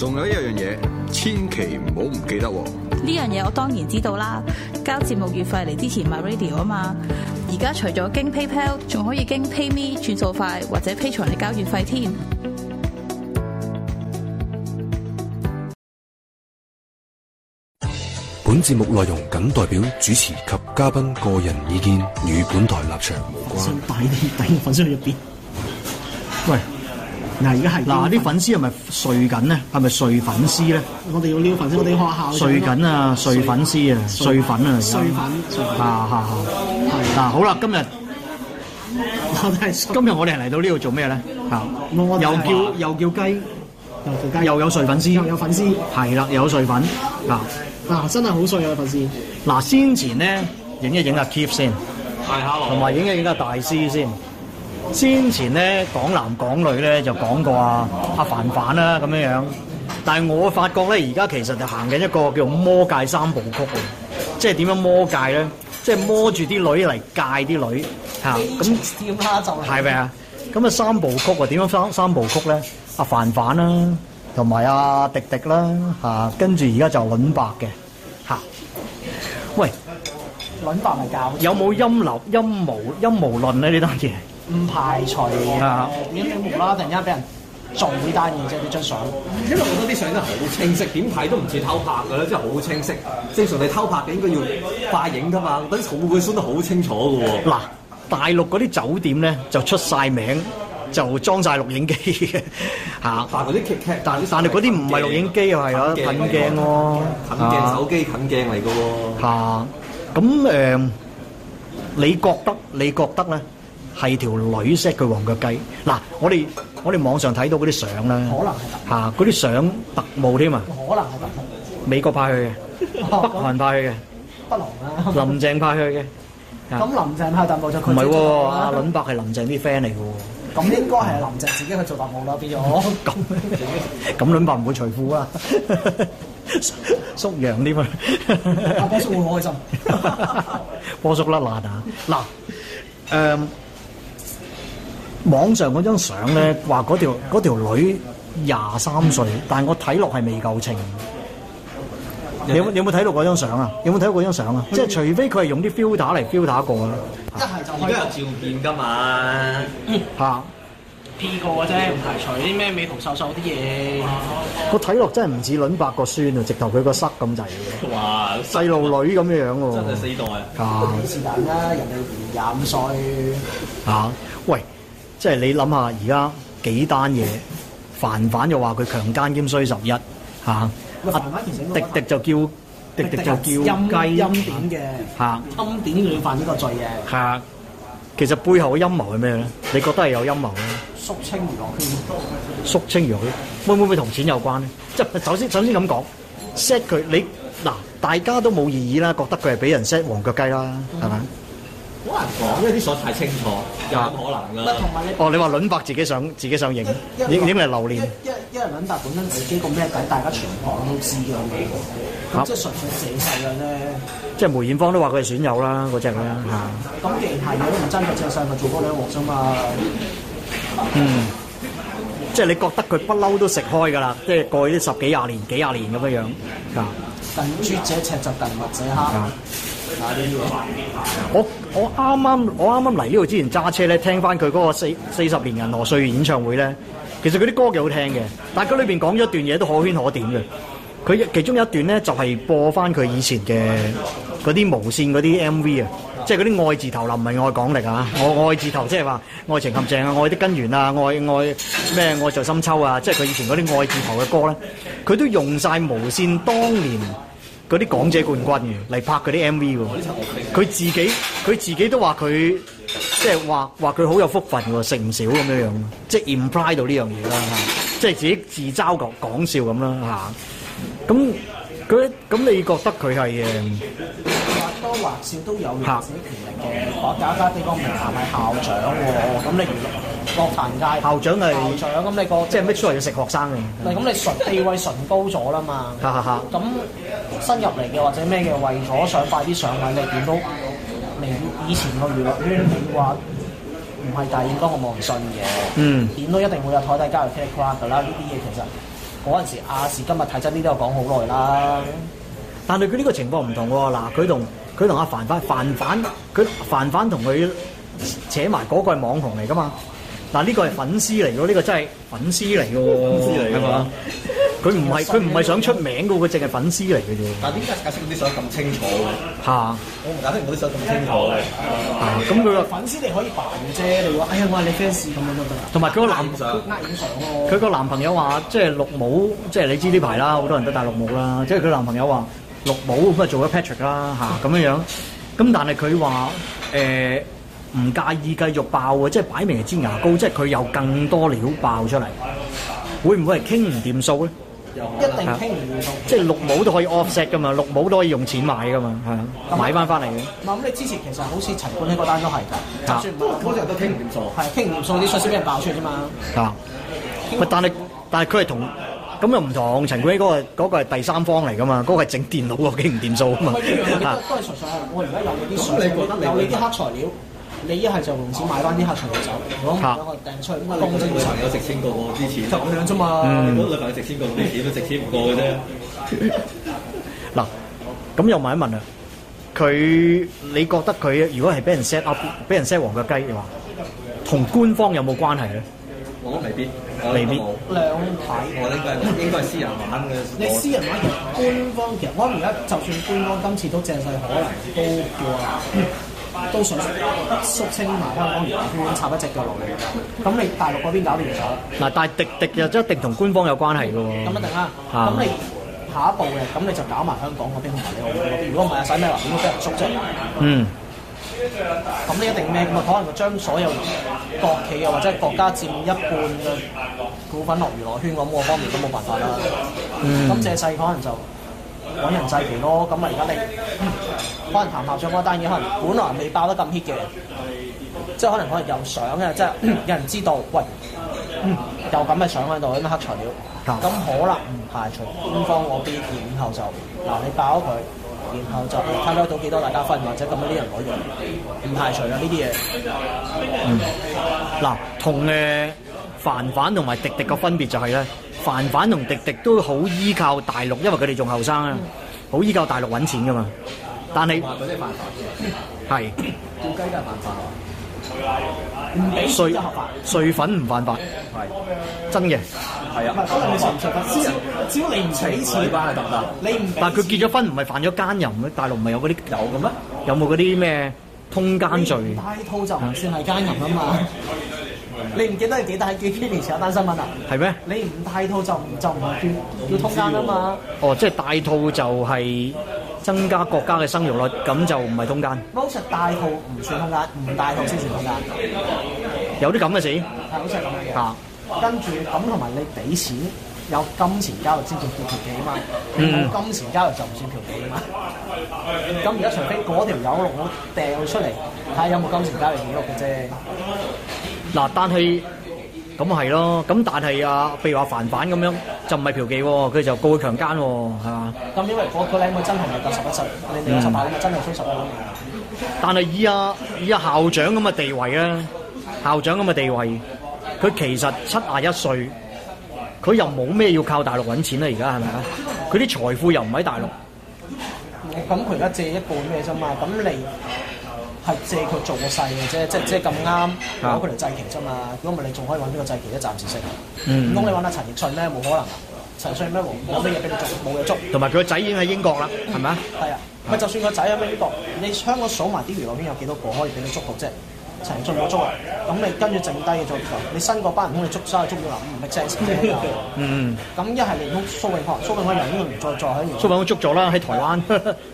仲有一樣嘢，千祈唔好唔記得喎！呢樣嘢我當然知道啦，交節目月費嚟支持 MyRadio 啊嘛！而家除咗經 PayPal，仲可以經 PayMe 轉數快，或者 Patreon 嚟交月費添。本節目內容僅代表主持及嘉賓個人意見，與本台立場無關。新擺啲擺啲粉入邊。喂。嗱，而家係嗱啲粉絲係咪碎緊咧？係咪碎粉絲咧？我哋要呢粉絲，我哋學校碎緊啊！碎粉絲啊！碎粉啊！在碎粉啊！啊啊啊！係嗱，好啦，今日今日我哋嚟到呢度做咩咧？啊，又叫又叫雞，又叫雞，又有碎粉絲，又有粉絲，係啦，又有碎粉啊！嗱、啊，真係好碎啊！粉絲嗱，先前咧影一影 Keep 先，同埋影一影啊，大師先。先前咧港男港女咧就講過啊，阿凡凡啦咁樣樣，但係我發覺咧而家其實就行緊一個叫做魔界三部曲啊，即係點樣魔界咧？即係摸住啲女嚟戒啲女嚇，咁點下集係咪啊？咁啊三部曲啊？點樣三三部曲咧？阿凡凡啦，同埋阿迪迪啦嚇，跟住而家就揾白嘅嚇、啊。喂，揾白係教有冇陰流陰無陰無論咧？呢單嘢。唔排除啊！蒙一啲蒙啦，突然間俾人做呢單嘢啫，呢張相。因為我覺得啲相真係好清晰，點睇都唔似偷拍㗎啦，真係好清晰。正常你偷拍嘅應該要化影㗎嘛，等啲數據輸得好清楚㗎喎。嗱，大陸嗰啲酒店咧就出曬名，就裝曬錄影機嘅嚇。啊、但嗰啲但但係嗰啲唔係錄影機又係咯，近鏡喎，近鏡手機近、啊、鏡嚟㗎喎。嚇、啊，咁誒、啊啊啊啊，你覺得你覺得咧？係條女識佢黃腳雞嗱，我哋我哋網上睇到嗰啲相啦嗱，嗰啲相特務添啊！可能係特務嚟嘅，美國派去嘅，韓派去嘅，不勞啦，林鄭派去嘅。咁林鄭派特務就唔係喎，阿倫伯係林鄭啲 friend 嚟嘅喎。咁應該係林鄭自己去做特務啦，變咗咁咁，倫伯唔會除褲啊，縮陽啲嘛。阿波叔會好開心，波叔甩難啊嗱誒。網上嗰張相咧，話嗰條女廿三歲，但係我睇落係未夠秤。你有冇有冇睇到嗰張相啊？有冇睇到嗰張相啊？即係除非佢係用啲 filter 嚟 filter 過啦。一係就而家有照片㗎嘛？吓 P 過嘅啫，唔排除啲咩美圖秀秀啲嘢。個睇落真係唔似譚伯個孫啊，直頭佢個塞咁滯嘅。哇！細路女咁樣喎。真係死代。是但啦，人哋廿五歲。嚇、啊！喂！即係你諗下，而家幾單嘢，凡凡又話佢強姦兼衰十一嚇，迪迪就叫迪迪就叫雞陰點嘅嚇，陰點佢要犯呢個罪嘅嚇。其實背後嘅陰謀係咩咧？你覺得係有陰謀咧？肅清如羊，肅清如羊會唔會同錢有關咧？即係首先首先咁講 set 佢你嗱，大家都冇異議啦，覺得佢係俾人 set 黃腳雞啦，係咪？好難講，因為啲鎖太清楚。冇可能噶、啊。同埋、哦、你，你，哦你話倫伯自己上自己上映？影，點點嚟流連？一一人倫伯本身自己個咩底，大家全部都知嘅、啊、即係純粹死細啦咧。即係梅艷芳都話佢係選友啦，嗰隻咁樣嚇。咁既然如果唔真，佢隻細，咪做嗰兩鑊咋嘛？嗯，嗯即係你覺得佢不嬲都食開㗎啦，即係過去啲十幾廿年、幾廿年咁嘅樣。啊，近朱者赤，就近墨者黑。啊啊我我啱啱我啱啱嚟呢度之前揸車咧，聽翻佢嗰個四四十年人和歲月演唱會咧，其實佢啲歌幾好聽嘅，但係佢裏邊講咗一段嘢都可圈可點嘅。佢其中有一段咧，就係、是、播翻佢以前嘅嗰啲無線嗰啲 MV 啊，即係嗰啲愛字頭，唔係愛港力啊！我、哦、愛字頭即係話愛情陷阱啊，愛的根源啊，愛愛咩愛在深秋啊，即係佢以前嗰啲愛字頭嘅歌咧，佢都用晒無線當年。嗰啲港姐冠軍嘅嚟拍嗰啲 MV 喎，佢自己佢自己都話佢即係話話佢好有福分喎，食唔少咁樣樣，即係 imply 到呢樣嘢啦嚇，即係自己自嘲講講笑咁啦嚇，咁佢咁你覺得佢係誒？話少都有行使權力嘅，我加家地方個名下係校長喎，咁你娛樂樂壇界校長係校長，咁你個即係搣出嚟食學生嘅。咪、嗯、咁你純地位純高咗啦嘛，咁、啊啊、新入嚟嘅或者咩嘅，為咗想快啲上位，你點都明以前個娛樂圈你話，唔係大演哥我冇人信嘅，嗯，點都一定會有台底交流圈嘅啦。呢啲嘢其實嗰陣時，阿、啊、視今日睇真 D 都有講好耐啦，但係佢呢個情況唔同喎，嗱佢同。佢同阿凡凡凡凡，佢凡凡同佢扯埋嗰個係網紅嚟㗎嘛？嗱、啊、呢、這個係粉絲嚟咯，呢、這個真係粉絲嚟㗎，粉絲嚟㗎。佢唔係佢唔係想出名㗎喎，佢淨係粉絲嚟嘅啫。但係點解解釋嗰啲相咁清楚吓，是我唔解釋我啲相咁清楚嘅。咁佢個粉絲你可以扮嘅啫，你話哎呀我係你 fans 咁樣都得。同埋佢個男佢呃佢個男朋友話即係綠帽，即、就、係、是、你知呢排啦，好多人都戴綠帽啦。即係佢男朋友話。綠帽咁啊，做咗 Patrick 啦嚇，咁樣樣，咁但係佢話誒唔介意繼續爆即係擺明係支牙膏，即係佢有更多料爆出嚟，會唔會係傾唔掂數咧？一定傾唔掂數，啊、即係綠帽都可以 offset 噶嘛，嗯、綠帽都可以用錢買噶嘛，係啊，買翻翻嚟嘅。嗱咁你之前其實好似陳冠希嗰單都係，都好多人都傾唔掂數，係傾唔掂數啲信息俾人爆出嚟啫嘛。嗱，但係但係佢係同。咁又唔同，陳冠希嗰個嗰個係第三方嚟噶嘛，嗰個係整電腦喎，幾唔掂數啊嘛！啊，都係財產啊！我而家有你啲書，你覺得你有你啲黑材料，你一係就用錢買翻啲黑材料走，我幫佢掟出去啊！公司嘅材料值錢過喎啲錢，就咁樣啫嘛！如果佢值錢過，你點都值錢過嘅啫。嗱，咁又問一問啦，佢你覺得佢如果係俾人 set up，俾人 set 黃腳雞，話同官方有冇關係咧？我都未必。未必 Maybe. 兩體台，我應該係應該係私人玩嘅。你私人玩同官方其實，我諗而家就算官方今次都正勢，可能都叫、嗯、都想縮清埋香港娛樂圈，插一隻腳落嚟。咁你大陸嗰邊搞掂咗。嗱，但係滴滴又一定同官方有關係嘅咁、嗯、一定啦。咁、啊、你下一步嘅，咁你就搞埋香港嗰邊同埋你澳門嗰邊。如果唔係，使咩話？咁即人縮啫。嗯。咁呢一定咩？咁啊，可能就將所有國企啊，或者國家佔一半嘅股份落娛樂圈，咁我方面都冇辦法啦。咁借勢可能就揾人制皮咯。咁啊，而家你可能談合作嗰單嘢，可能本來未爆得咁 hit 嘅，即係可能可能有相嘅，即係有人知道，喂，嗯，有咁嘅相喺度，啲黑材料，咁，嗯，可能唔排除官方嗰邊，然後就嗱，你爆咗佢。然後就睇得到幾多大家分，或者咁樣啲人改樣，唔排除啊呢啲嘢。嗯，嗱，同嘅凡凡同埋迪迪個分別就係、是、咧，凡凡同迪迪都好依靠大陸，因為佢哋仲後生啊，好、嗯、依靠大陸揾錢噶嘛。但係，係是叫雞都係犯法。碎碎粉唔犯法，係真嘅，係啊。可能佢純唔純？私人，只要你唔俾錢，你唔但佢結咗婚，唔係犯咗奸淫咩？大陸唔係有嗰啲有嘅咩？有冇嗰啲咩通奸罪？帶套就唔算係奸淫啊嘛！你唔記得係幾大幾多年前有單新聞啊？係咩？你唔帶套就唔就唔係叫叫通奸啊嘛？哦，即係帶套就係。增加國家嘅生育率，咁就唔係通姦。冇錯，大套唔算通姦，唔大套先算通姦。有啲咁嘅事。係，好似係咁嘅嘢。嚇，跟住咁同埋你俾錢，有金錢交易先算嫖妓啊嘛。嗯。金錢交易就唔算嫖妓啊嘛。咁而家除非嗰條友攞掟出嚟，睇下有冇金錢交易先得嘅啫。嗱，但係。咁係咯，咁、嗯、但係啊，譬如話凡凡咁樣就唔係嫖妓喎、哦，佢就告佢強姦喎、哦，係嘛？咁因為嗰個靚妹真係咪夠十一歲，你你個十八咁啊真係超十歲。但係以啊以啊校長咁嘅地位啊，校長咁嘅地位，佢其實七十一歲，佢又冇咩要靠大陸揾錢啦，而家係咪啊？佢啲財富又唔喺大陸。我咁佢而家借一半咩啫嘛？咁、嗯、你。嗯嗯嗯嗯借佢做個勢嘅啫，即即咁啱攞佢嚟祭旗啫嘛。如果唔係你仲可以揾邊個祭旗咧？暫時性。唔通你揾阿陳奕迅咩？冇可能。陳奕迅咩，冇咩嘢俾你捉，冇嘢捉。同埋佢個仔已經喺英國啦，係咪啊？係啊。咪就算個仔喺英國，你香港數埋啲娛樂圈有幾多個可以俾你捉到啫？陳奕迅冇捉啊。咁你跟住剩低嘅再做，你新嗰班唔通你捉，所有捉到啊？唔係正先嗯。咁一係連通蘇永康，蘇永康又已經再再喺娛樂圈。蘇永康捉咗啦，喺台灣。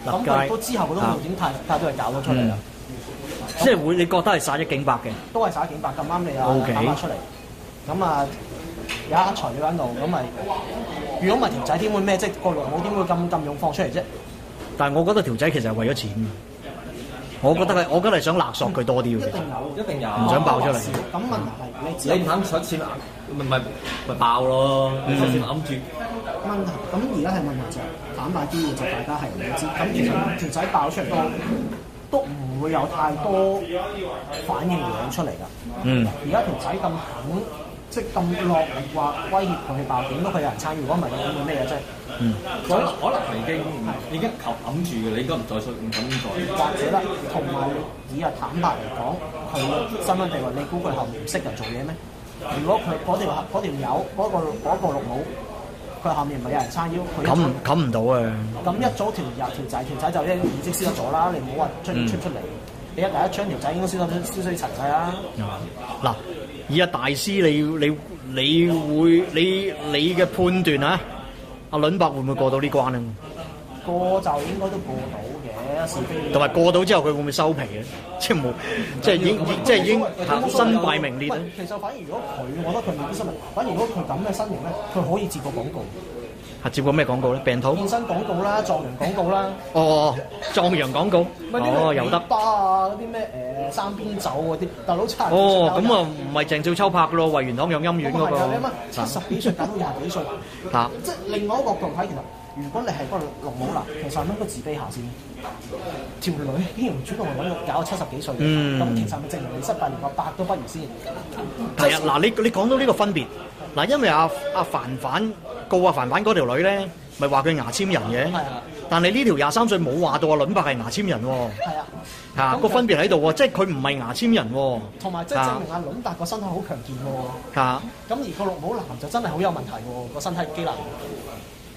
咁佢都之後嗰啲路點太太多人搞咗出嚟啦。即係會，你覺得係殺一儆百嘅？都係殺一儆百，咁啱你又揼出嚟，咁 Okay. 啊有一材料喺度，咁咪如果唔係條仔點會咩？即係個內幕點會咁咁用放出嚟啫？但係我覺得條仔其實係為咗錢，我覺得係，我梗係想勒索佢多啲嘅，嗯、實一定有，一定有，唔想爆出嚟。咁、啊、問題係你、嗯、你唔肯搶錢，咪咪咪爆咯，就算揼住。嗯嗯、問題咁而家係問題就坦白啲，就大家係唔知。咁其實條仔爆出嚟多。嗯都唔會有太多反應響出嚟㗎。嗯，而家條仔咁肯，即係咁落力話威脅佢爆點都佢有人撐。如果唔係，咁冇咩嘢真係。嗯，所以可能係已經唔係已經扣冚住嘅。你而家唔再信唔敢再。或者咧，同埋以啊坦白嚟講，佢身份地位，你估佢後唔識人做嘢咩？如果佢嗰條友嗰、那個嗰個綠帽。那個綠佢下面唔係有人撐腰，佢冚冚唔到啊！咁、嗯、一組條廿條仔，條仔就已經已經消失咗啦，你唔好話出唔、嗯、出出嚟，你一第一槍條仔應該消失消失於塵世啦。嗱、啊嗯，以阿大師你你你會你你嘅判斷啊？阿倫伯會唔會過到呢關啊？過就應該都過到。同埋過到之後，佢會唔會收皮咧？即係冇，即係已經，即係行已經身敗名裂。其實反而如果佢，我覺得佢未必失明，反而如果佢咁嘅身形咧，佢可以接個廣告。接過咩廣告咧？病痛、健身廣告啦、壯陽廣告啦。哦，壯陽廣告。哦，油特巴啊，嗰啲咩誒三鞭酒嗰啲。嗱，老陳。哦，咁啊，唔係鄭少秋拍嘅咯，位元堂養陰丸嗰個。七十幾歲搞到廿幾歲。嚇！即係另外一個角度睇，其實如果你係嗰個龍武嗱，其實應該自卑下先。條女竟然主動嚟揾我搞七十幾歲，咁其實咪證明你失敗連個百都不如先。係啊，嗱，你你講到呢個分別。嗱，因為阿阿凡凡告阿凡凡嗰條女咧，咪話佢牙籤人嘅，但你呢條廿三歲冇話到阿倫伯係牙籤人喎，嚇個分別喺度喎，即係佢唔係牙籤人，同埋即係證明阿倫伯個身體好強健嘅喎，咁而個綠帽男就真係好有問題喎，個身體機能，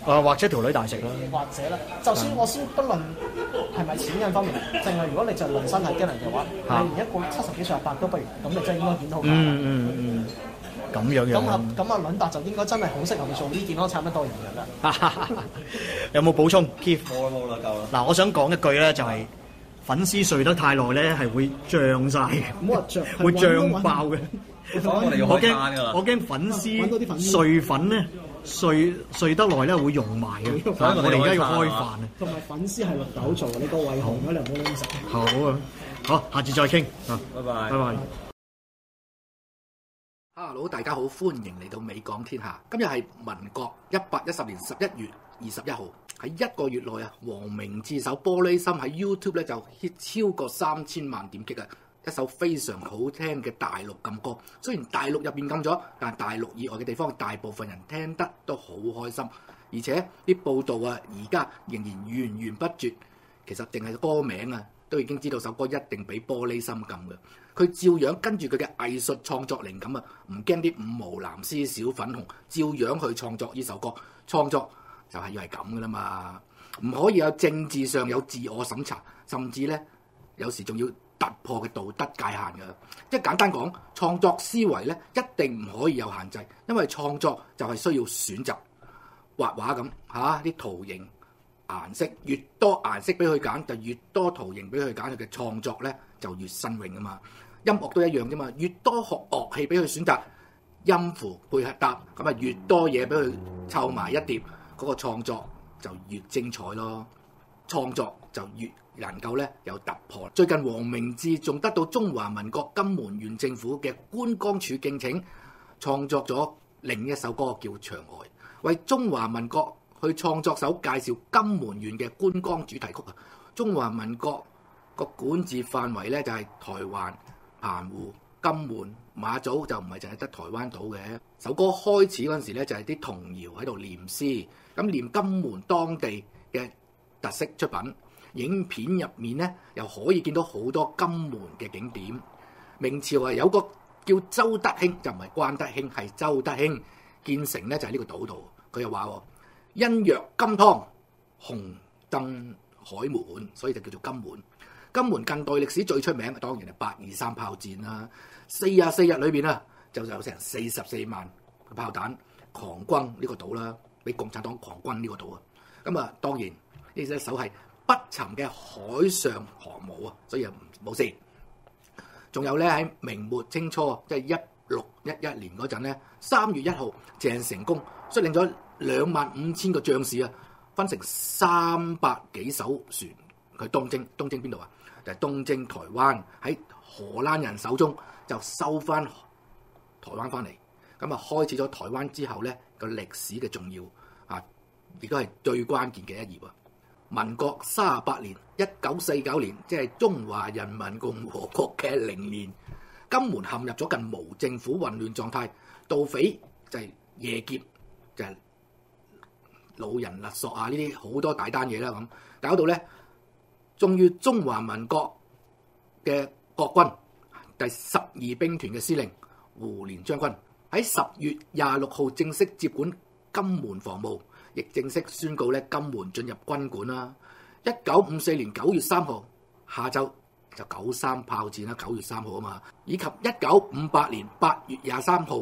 誒或者條女大食啦，或者咧，就算我先不論係咪錢銀方面，淨係如果你就論身體機能嘅話，你而一個七十幾歲阿伯都不如，咁你真係應該檢討下。嗯嗯嗯。咁樣樣，咁阿咁阿倫達就應該真係好適合做啲健康產品代言人噶啦。有冇補充？Keep，冇啦，冇啦，夠啦。嗱，我想講一句咧，就係粉絲睡得太耐咧，係會漲曬嘅，唔好話漲，會漲爆嘅。我驚我驚粉絲碎粉咧，碎碎得耐咧會溶埋嘅。我哋而家要開飯啊！同埋粉絲係綠豆做，你個胃紅咗，你唔好亂食。好啊，好，下次再傾。啊，拜拜，拜拜。啊、大家好，歡迎嚟到美港天下。今日係民國一百一十年十一月二十一號，喺一個月內啊，黃明志首，玻璃心喺 YouTube 咧就超過三千萬點擊啊！一首非常好聽嘅大陸禁歌，雖然大陸入邊禁咗，但大陸以外嘅地方，大部分人聽得都好開心，而且啲報道啊，而家仍然源源不絕。其實淨係歌名啊，都已經知道首歌一定俾玻璃心禁嘅。佢照樣跟住佢嘅藝術創作靈感啊，唔驚啲五毛藍絲小粉紅，照樣去創作呢首歌。創作就係要係咁噶啦嘛，唔可以有政治上有自我審查，甚至咧有時仲要突破嘅道德界限噶。即係簡單講，創作思維咧一定唔可以有限制，因為創作就係需要選擇。畫畫咁嚇啲圖形顏色越多顏色，顏色俾佢揀就越多圖形俾佢揀，佢嘅創作咧就越新穎啊嘛～音樂都一樣啫嘛，越多學樂器俾佢選擇音符配合搭咁啊，越多嘢俾佢湊埋一碟嗰、那個創作就越精彩咯。創作就越能夠咧有突破。最近黃明志仲得到中華民國金門縣政府嘅觀光處敬請創作咗另一首歌叫《墻外》，為中華民國去創作首介紹金門縣嘅觀光主題曲啊。中華民國個管治範圍咧就係台灣。澎湖、金門、馬祖，就唔係淨係得台灣島嘅。首歌開始嗰陣時咧，就係、是、啲童謠喺度念詩，咁念金門當地嘅特色出品，影片入面咧又可以見到好多金門嘅景點。明朝啊有個叫周德興，就唔係關德興，係周德興建成咧，就喺呢個島度。佢又話：因若金湯紅燈海門，所以就叫做金門。金門近代歷史最出名嘅當然係八二三炮戰啦。四十四日裏邊啊，就有成四十四萬炮彈狂轟呢個島啦，俾共產黨狂轟呢個島啊。咁啊，當然呢隻手係不沉嘅海上航母啊，所以啊冇事。仲有咧喺明末清初，即係一六一一年嗰陣咧，三月一號，鄭成功率領咗兩萬五千個將士啊，分成三百幾艘船，佢東征東征邊度啊？就東征台灣，喺荷蘭人手中就收翻台灣翻嚟，咁啊開始咗台灣之後咧，個歷史嘅重要啊，亦都係最關鍵嘅一頁啊！民國卅八年一九四九年，即係、就是、中華人民共和國嘅零年，金門陷入咗近無政府混亂狀態，盜匪就係夜劫就係、是、老人勒索啊，呢啲好多大單嘢啦，咁搞到咧。忠於中華民國嘅國軍第十二兵團嘅司令胡連將軍喺十月廿六號正式接管金門防務，亦正式宣告咧金門進入軍管啦。一九五四年九月三號下晝就九三炮戰啦，九月三號啊嘛，以及一九五八年八月廿三號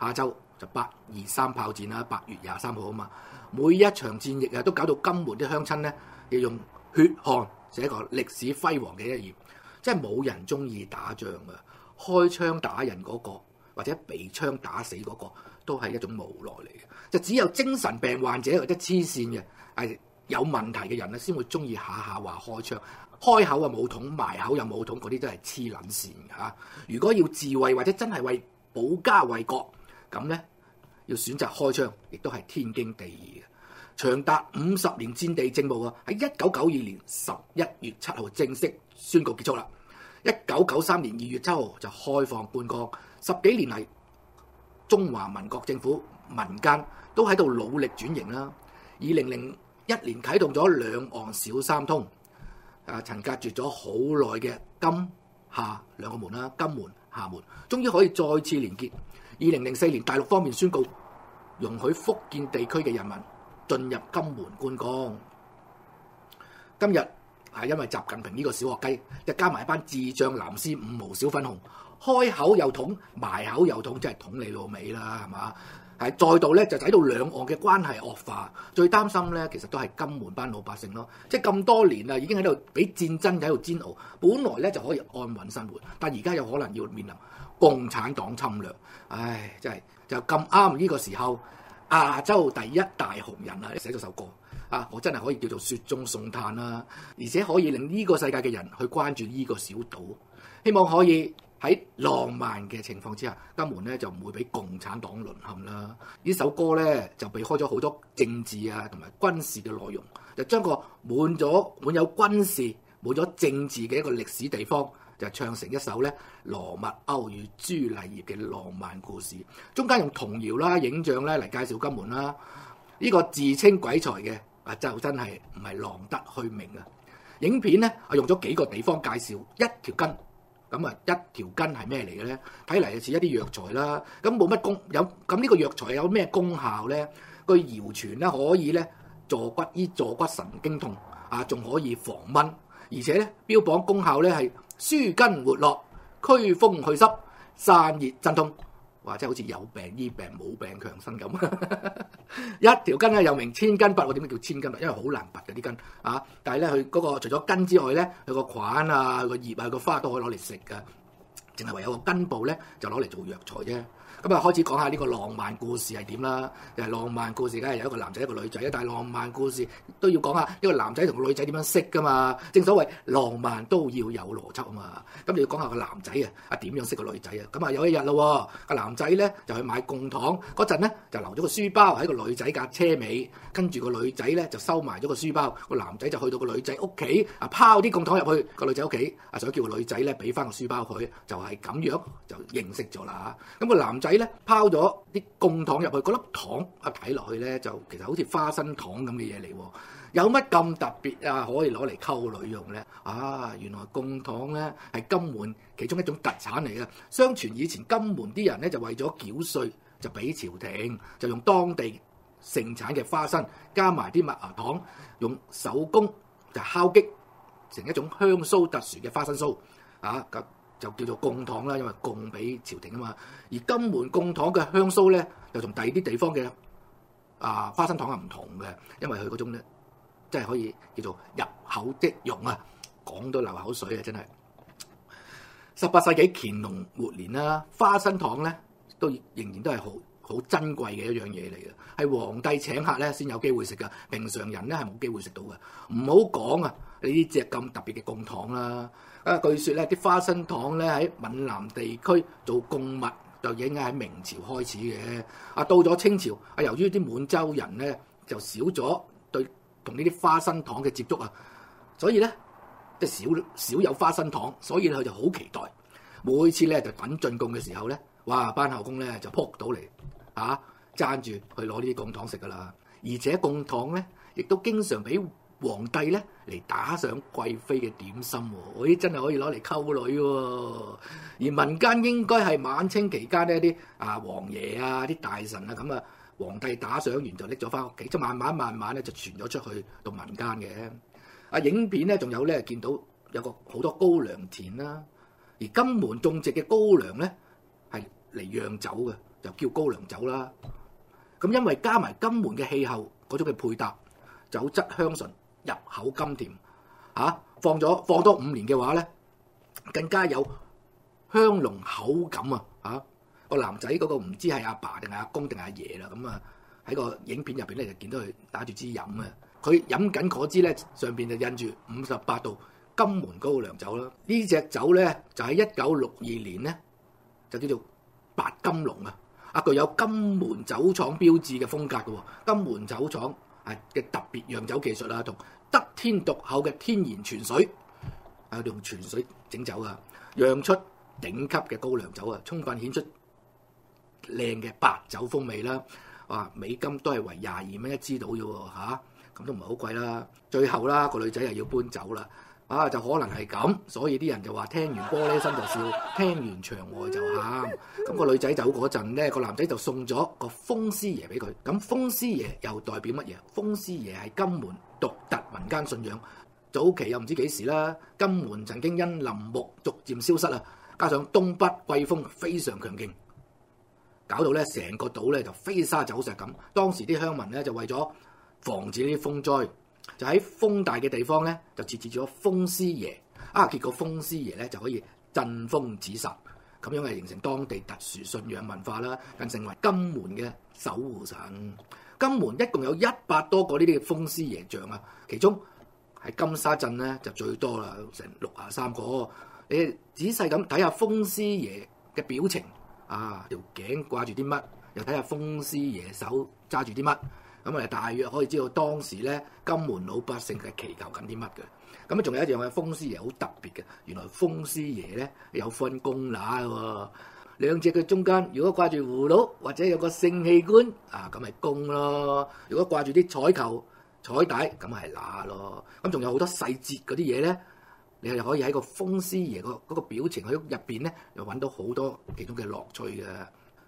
下晝就八二三炮戰啦，八月廿三號啊嘛，每一場戰役啊都搞到金門啲鄉親咧，要用血汗，寫一個歷史輝煌嘅一頁，即係冇人中意打仗啊，開槍打人嗰個或者被槍打死嗰個都係一種無奈嚟嘅。就只有精神病患者或者黐線嘅係有問題嘅人咧，先會中意下下話開槍，開口又冇桶，埋口又冇桶，嗰啲都係黐撚線嚇。如果要自衛或者真係為保家衛國，咁咧要選擇開槍，亦都係天經地義嘅。長達五十年戰地政務喎，喺一九九二年十一月七號正式宣告結束啦。一九九三年二月七號就開放半國十幾年嚟，中華民國政府民間都喺度努力轉型啦。二零零一年啟動咗兩岸小三通，啊，曾隔絕咗好耐嘅金廈兩個門啦，金門、廈門，終於可以再次連結。二零零四年大陸方面宣告容許福建地區嘅人民。進入金門觀光。今日係因為習近平呢個小學雞，就加埋一班智障藍絲，五毛小粉紅，開口又捅，埋口又捅，真係捅你老味啦，係嘛？係再度咧就喺度兩岸嘅關係惡化，最擔心咧其實都係金門班老百姓咯，即係咁多年啦，已經喺度俾戰爭喺度煎熬，本來咧就可以安穩生活，但而家有可能要面臨共產黨侵略，唉，真係就咁啱呢個時候。亞洲第一大紅人啦、啊，寫咗首歌啊！我真係可以叫做雪中送炭啦、啊，而且可以令呢個世界嘅人去關注呢個小島。希望可以喺浪漫嘅情況之下，金門咧就唔會俾共產黨淪陷啦。呢首歌咧就避開咗好多政治啊，同埋軍事嘅內容，就將個滿咗滿有軍事、滿咗政治嘅一個歷史地方，就唱成一首咧《羅密歐與朱麗葉》嘅浪漫故事，中間用童謠啦、影像咧嚟介紹金門啦。呢個自稱鬼才嘅啊，就真係唔係浪得虛名啊！影片咧啊，用咗幾個地方介紹一條根，咁啊一條根係咩嚟嘅咧？睇嚟似一啲藥材啦，咁冇乜功有咁呢個藥材有咩功效咧？據謠傳咧可以咧坐骨醫坐骨神經痛啊，仲可以防蚊，而且呢標榜功效咧係。舒筋活絡、祛風祛濕、散熱鎮痛，話者好似有病醫病、冇病強身咁。 一條根咧又名千斤拔，我點解叫千斤拔？因為好難拔嗰啲根啊！但係咧佢嗰個除咗根之外咧，佢個菌啊、個葉啊、個花都可以攞嚟食噶，淨係唯有個根部咧就攞嚟做藥材啫。咁啊，開始講下呢個浪漫故事係點啦？誒、就是，浪漫故事梗係有一個男仔一個女仔啊，但係浪漫故事都要講下呢個男仔同個女仔點樣識噶嘛？正所謂浪漫都要有邏輯啊嘛！咁就要講下個男仔啊，啊點樣識個女仔啊？咁啊有一日咯，個男仔咧就去買貢糖嗰陣咧，就留咗個書包喺個女仔架車尾，跟住個女仔咧就收埋咗個書包，個男仔就去到個女仔屋企啊拋啲貢糖入去、那個女仔屋企，啊想叫個女仔咧俾翻個書包佢，就係、是、咁樣就認識咗啦嚇。咁、那個男仔。你咧，拋咗啲貢糖入去，嗰粒糖一睇落去咧就其實好似花生糖咁嘅嘢嚟，有乜咁特別啊，可以攞嚟溝女用咧？啊，原來貢糖咧係金門其中一種特產嚟嘅。相傳以前金門啲人咧就為咗繳稅，就俾朝廷，就用當地盛產嘅花生加埋啲麥芽糖，用手工就敲擊成一種香酥特殊嘅花生酥啊咁。就叫做貢糖啦，因為貢俾朝廷啊嘛。而金門貢糖嘅香酥咧，又同第二啲地方嘅啊花生糖係唔同嘅，因為佢嗰種咧，真係可以叫做入口即溶啊，講到流口水啊，真係。十八世紀乾隆末年啦、啊，花生糖咧都仍然都係好好珍貴嘅一樣嘢嚟嘅，係皇帝請客咧先有機會食噶，平常人咧係冇機會食到嘅。唔好講啊，呢隻咁特別嘅貢糖啦、啊。啊，據說咧，啲花生糖咧喺閩南地區做供物，就已經喺明朝開始嘅。啊，到咗清朝，啊由於啲滿洲人咧就少咗對同呢啲花生糖嘅接觸啊，所以咧即係少少有花生糖，所以咧佢就好期待。每次咧就等進貢嘅時候咧，哇！班後宮咧就撲到嚟啊，爭住去攞呢啲貢糖食㗎喇。而且貢糖咧亦都經常俾皇帝咧嚟打賞貴妃嘅點心喎、哦，嗰、哎、啲真係可以攞嚟溝女喎、哦。而民間應該係晚清期間咧啲啊王爺啊啲大臣啊咁啊，皇帝打賞完就拎咗翻屋企，即慢慢慢慢咧就傳咗出去到民間嘅。啊影片咧仲有咧見到有個好多高粱田啦、啊，而金門種植嘅高粱咧係嚟釀酒嘅，就叫高粱酒啦。咁、啊、因為加埋金門嘅氣候嗰種嘅配搭，酒質香醇。入口甘甜，嚇、啊、放咗放多五年嘅話咧，更加有香濃口感啊！嚇、啊、個男仔嗰個唔知係阿爸定係阿公定係阿爺啦，咁啊喺個影片入邊咧就見到佢打住支飲啊，佢飲緊嗰支咧上邊就印住五十八度金門高粱酒啦。酒呢隻酒咧就喺一九六二年咧就叫做白金龍啊，啊具有金門酒廠標誌嘅風格嘅、啊、喎，金門酒廠。係嘅特別釀酒技術啊，同得天獨厚嘅天然泉水，啊用泉水整酒噶，釀出頂級嘅高粱酒啊，充分顯出靚嘅白酒風味啦。哇、啊，美金都係為廿二蚊一支到啫喎嚇，咁都唔係好貴啦。最後啦，個女仔又要搬走啦。啊！就可能係咁，所以啲人就話聽完玻璃心就笑，聽完墻外就喊。咁個女仔走嗰陣咧，個男仔就送咗個風師爺俾佢。咁風師爺又代表乜嘢？風師爺係金門獨特民間信仰。早期又唔知幾時啦，金門曾經因林木逐漸消失啦，加上東北季風非常強勁，搞到咧成個島咧就飛沙走石咁。當時啲鄉民咧就為咗防止呢啲風災。就喺風大嘅地方咧，就設置咗風師爺。啊，結果風師爺咧就可以鎮風止煞，咁樣係形成當地特殊信仰文化啦，更成為金門嘅守護神。金門一共有一百多個呢啲風師爺像啊，其中喺金沙鎮咧就最多啦，成六十三個。你仔細咁睇下風師爺嘅表情啊，條頸掛住啲乜？又睇下風師爺手揸住啲乜？咁啊，我大約可以知道當時咧，金門老百姓係祈求緊啲乜嘅。咁啊，仲有一樣嘅風師爺好特別嘅，原來風師爺咧有分公乸嘅喎。兩隻嘅中間，如果掛住葫蘆或者有個性器官啊，咁係公咯；如果掛住啲彩球、彩帶，咁係乸咯。咁仲有好多細節嗰啲嘢咧，你係可以喺個風師爺個嗰個表情喺入邊咧，又揾到好多其中嘅樂趣嘅。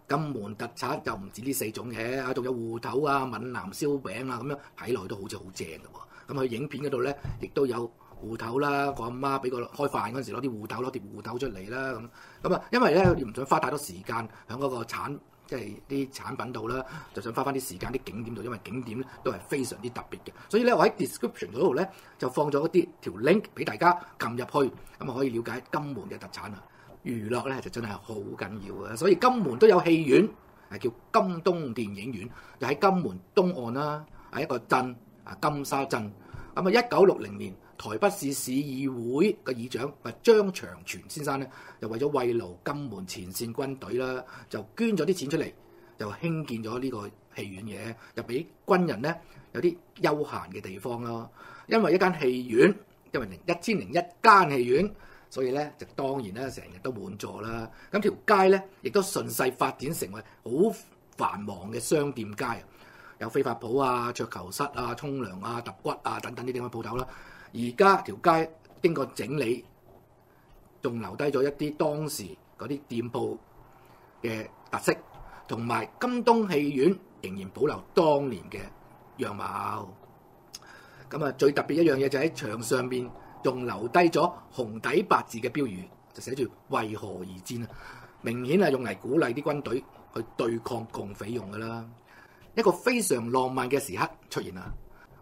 金門特產就唔止呢四種嘢，啊，仲有芋頭啊、閩南燒餅啊，咁樣睇落去都好似好正㗎喎。咁、嗯、佢影片嗰度咧，亦都有芋頭啦，個阿媽俾個開飯嗰陣時攞啲芋頭，攞碟芋頭出嚟啦，咁咁啊，因為咧，佢哋唔想花太多時間喺嗰個產，即係啲產品度啦，就想花翻啲時間啲景點度，因為景點咧都係非常之特別嘅。所以咧，我喺 description 嗰度咧就放咗一啲條 link 俾大家撳入去，咁啊可以了解金門嘅特產啦。娛樂咧就真係好緊要嘅，所以金門都有戲院，係叫金東電影院，就喺金門東岸啦，喺一個鎮啊金沙鎮。咁啊，一九六零年台北市市議會嘅議長啊張長全先生咧，就為咗慰勞金門前線軍隊啦，就捐咗啲錢出嚟，就興建咗呢個戲院嘅，就俾軍人咧有啲休閒嘅地方咯。因為一間戲院，因為零一千零一間戲院。所以咧就當然咧成日都滿座啦。咁條街咧亦都順勢發展成為好繁忙嘅商店街，有非法鋪啊、桌球室啊、沖涼啊、揼骨啊等等呢啲嘅鋪頭啦。而家條街經過整理，仲留低咗一啲當時嗰啲店鋪嘅特色，同埋金東戲院仍然保留當年嘅樣貌。咁啊，最特別一樣嘢就喺牆上邊。仲留低咗紅底白字嘅標語，就寫住為何而戰啊！明顯係用嚟鼓勵啲軍隊去對抗共匪用噶啦。一個非常浪漫嘅時刻出現啦！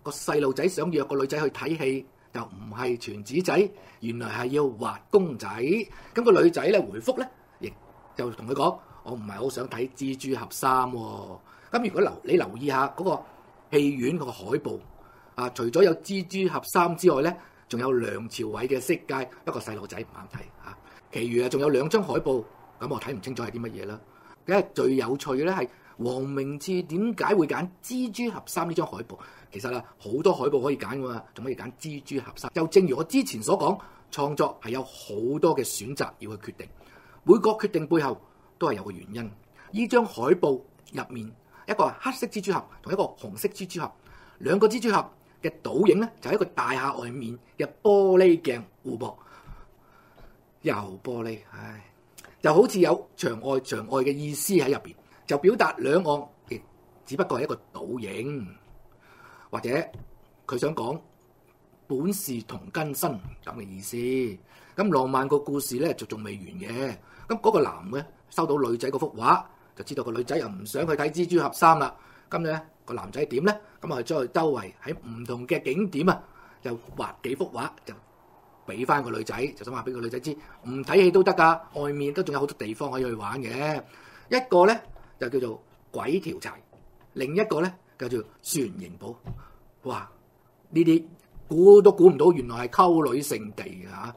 個細路仔想約個女仔去睇戲，又唔係傳紙仔，原來係要畫公仔。咁個女仔咧回覆咧，亦就同佢講：我唔係好想睇蜘蛛俠三哦。咁如果留你留意下嗰個戲院個海報啊，除咗有蜘蛛俠三之外咧。仲有梁朝偉嘅《色戒》，一個細路仔唔啱睇嚇。其餘啊，仲有兩張海報，咁我睇唔清楚係啲乜嘢啦。梗係最有趣嘅咧，係黃明志點解會揀《蜘蛛俠三》呢張海報？其實啊，好多海報可以揀㗎嘛，仲可以揀《蜘蛛俠三》。又正如我之前所講，創作係有好多嘅選擇要去決定，每個決定背後都係有個原因。呢張海報入面，一個黑色蜘蛛俠，同一個紅色蜘蛛俠，兩個蜘蛛俠。嘅倒影咧，就係、是、一個大廈外面嘅玻璃鏡湖幕，又玻璃，唉，就好似有牆外牆外嘅意思喺入邊，就表達兩岸亦只不過係一個倒影，或者佢想講本是同根生咁嘅意思。咁浪漫個故事咧，就仲未完嘅。咁嗰個男嘅收到女仔嗰幅畫，就知道個女仔又唔想去睇蜘蛛俠三啦。今日咧個男仔點咧？咁啊再去周圍喺唔同嘅景點啊，就畫幾幅畫，就俾翻個女仔，就想話俾個女仔知，唔睇戲都得噶，外面都仲有好多地方可以去玩嘅。一個咧就叫做鬼條柴，另一個咧叫做船形堡。哇！呢啲估都估唔到，原來係溝女聖地嘅嚇。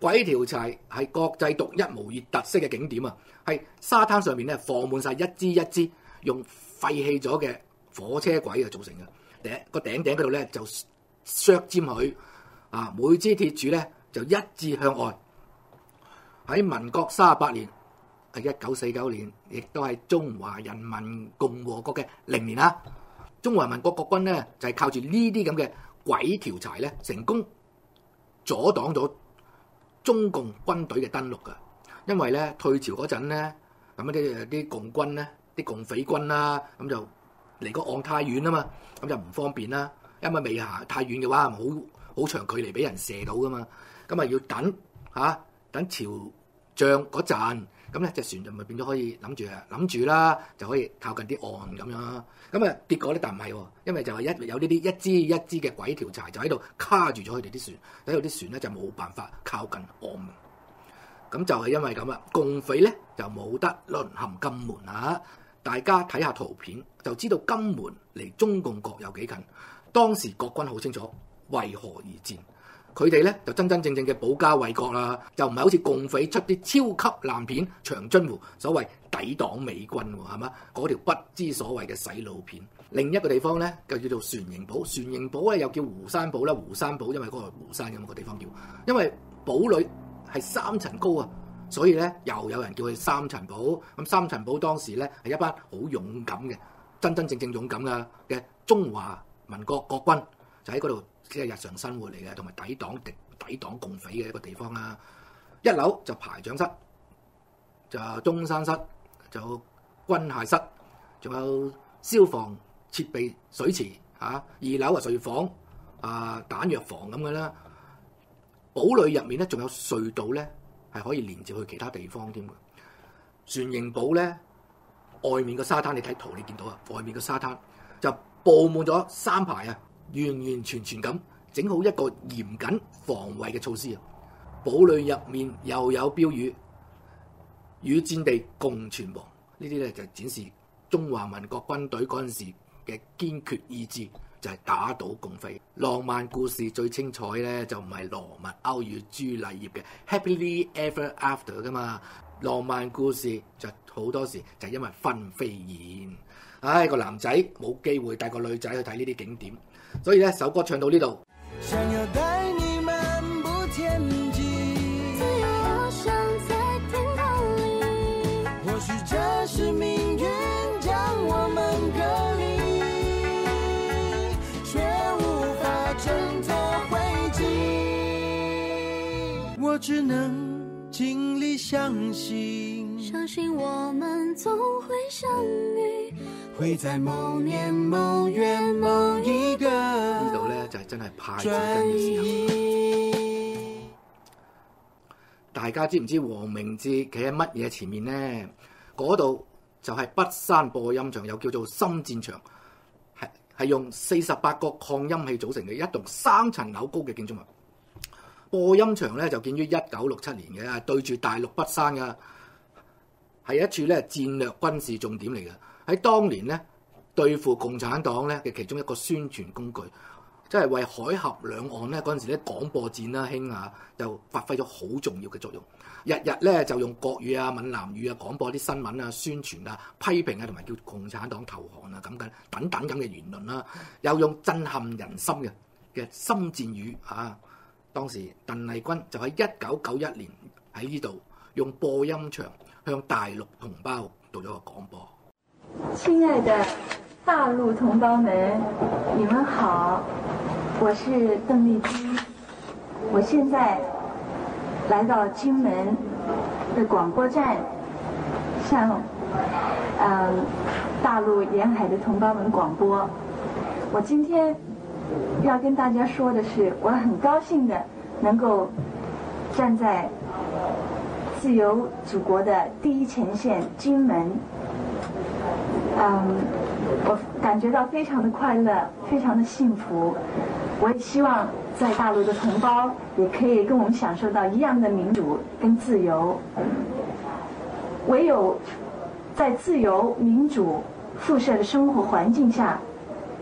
鬼條柴係國際獨一無二特色嘅景點啊，係沙灘上面咧放滿晒一支一支用。廢棄咗嘅火車軌啊，造成嘅頂個頂頂嗰度咧就削尖佢啊！每支鐵柱咧就一致向外，喺民國三十八年啊，一九四九年，亦都係中華人民共和國嘅零年啦。中華民國國軍咧就係、是、靠住呢啲咁嘅鬼條柴咧，成功阻擋咗中共軍隊嘅登陸噶。因為咧退潮嗰陣咧，咁啲啲共軍咧。啲共匪軍啦、啊，咁就離個岸太遠啊嘛，咁就唔方便啦。因為未行太遠嘅話，好好長距離俾人射到噶嘛，咁啊要等嚇、啊、等潮漲嗰陣，咁咧隻船就咪變咗可以諗住啊諗住啦，就可以靠近啲岸咁樣。咁啊結果咧，但唔係喎，因為就係一有呢啲一支一支嘅鬼條柴，就喺度卡住咗佢哋啲船，喺度啲船咧就冇辦法靠近岸。咁就係因為咁啦，共匪咧就冇得淪陷金門嚇。啊。大家睇下圖片，就知道金門離中共國有幾近。當時國軍好清楚為何而戰，佢哋咧就真真正正嘅保家衛國啦，就唔係好似共匪出啲超級爛片長津湖，所謂抵擋美軍喎，係嘛？嗰條不知所謂嘅洗腦片。另一個地方咧，就叫做船形堡，船形堡咧又叫湖山堡啦，湖山堡因為嗰個湖山咁個地方叫，因為堡壘係三層高啊。所以咧，又有人叫佢三層堡。咁三層堡當時咧係一班好勇敢嘅、真真正正勇敢噶嘅中華民國國軍，就喺嗰度即係日常生活嚟嘅，同埋抵擋敵、抵擋共匪嘅一個地方啊。一樓就排長室、就中山室、就軍械室，仲有消防設備、水池嚇、啊。二樓啊，睡房啊，彈藥房咁嘅啦。堡壘入面咧，仲有隧道咧。係可以連接去其他地方添嘅。船形堡咧，外面嘅沙灘你睇圖，你見到啊，外面嘅沙灘就佈滿咗三排啊，完完全全咁整好一個嚴謹防衞嘅措施。堡壘入面又有標語：與戰地共存亡。呢啲咧就是、展示中華民國軍隊嗰陣時嘅堅決意志。就係打倒共匪。浪漫故事最精彩咧，就唔係羅密歐與朱麗葉嘅《Happily Ever After》噶嘛。浪漫故事就好多時就因為分飛燕。唉，個男仔冇機會帶個女仔去睇呢啲景點，所以呢首歌唱到呢度。 只能盡力相信，相信我們總會相遇。會在某年某月某一個。呢度咧就係真係派戰爭嘅時候。大家知唔知黃明志企喺乜嘢前面呢？嗰度就係北山播音場，又叫做深戰場，係係用四十八個擴音器組成嘅一棟三層樓高嘅建築物。播音場咧就建於一九六七年嘅，對住大陸北山噶、啊，係一處咧戰略軍事重點嚟嘅。喺當年咧，對付共產黨咧嘅其中一個宣傳工具，即、就、係、是、為海峽兩岸咧嗰陣時咧廣播戰啦、啊，興啊，就發揮咗好重要嘅作用。日日咧就用國語啊、閩南語啊廣播啲新聞啊、宣傳啊、批評啊同埋叫共產黨投降啊咁緊等等咁嘅言論啦、啊，又用震撼人心嘅嘅心戰語啊！當時鄧麗君就喺一九九一年喺呢度用播音場向大陸同胞做咗個廣播。親愛的大陸同胞們，你們好，我是鄧麗君，我現在來到金門的廣播站，向嗯大陸沿海的同胞們廣播，我今天，要跟大家說的是，我很高興的能夠站在自由祖國的第一前線，金門。嗯，我感覺到非常的快樂，非常的幸福。我也希望在大陸的同胞也可以跟我們享受到一樣的民主跟自由。唯有在自由民主富庶的生活環境下。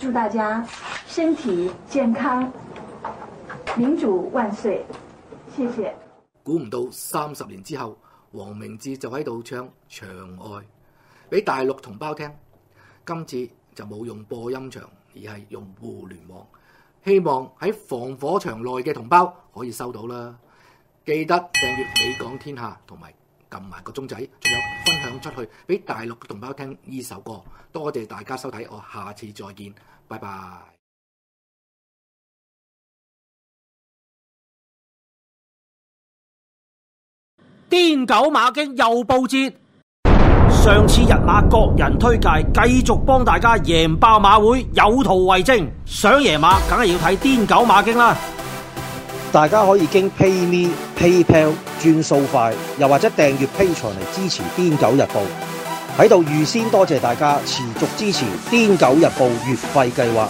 祝大家身體健康，民主萬歲！謝謝。估唔到三十年之後，黃明志就喺度唱《墻外》俾大陸同胞聽。今次就冇用播音場，而係用互聯網，希望喺防火牆內嘅同胞可以收到啦。記得訂閱《美港天下》同埋，撳埋個鐘仔，仲有分享出去俾大陸嘅同胞聽呢首歌。多謝大家收睇，我下次再見，拜拜。癲狗馬經又報捷，上次日馬各人推介，繼續幫大家贏爆馬會，有圖為證。想贏馬，梗係要睇癲狗馬經啦。大家可以經 PayMe PayPal、轉數快，又或者訂閱 Patreon 嚟支持癲狗日報，喺度預先多謝大家持續支持癲狗日報月費計劃。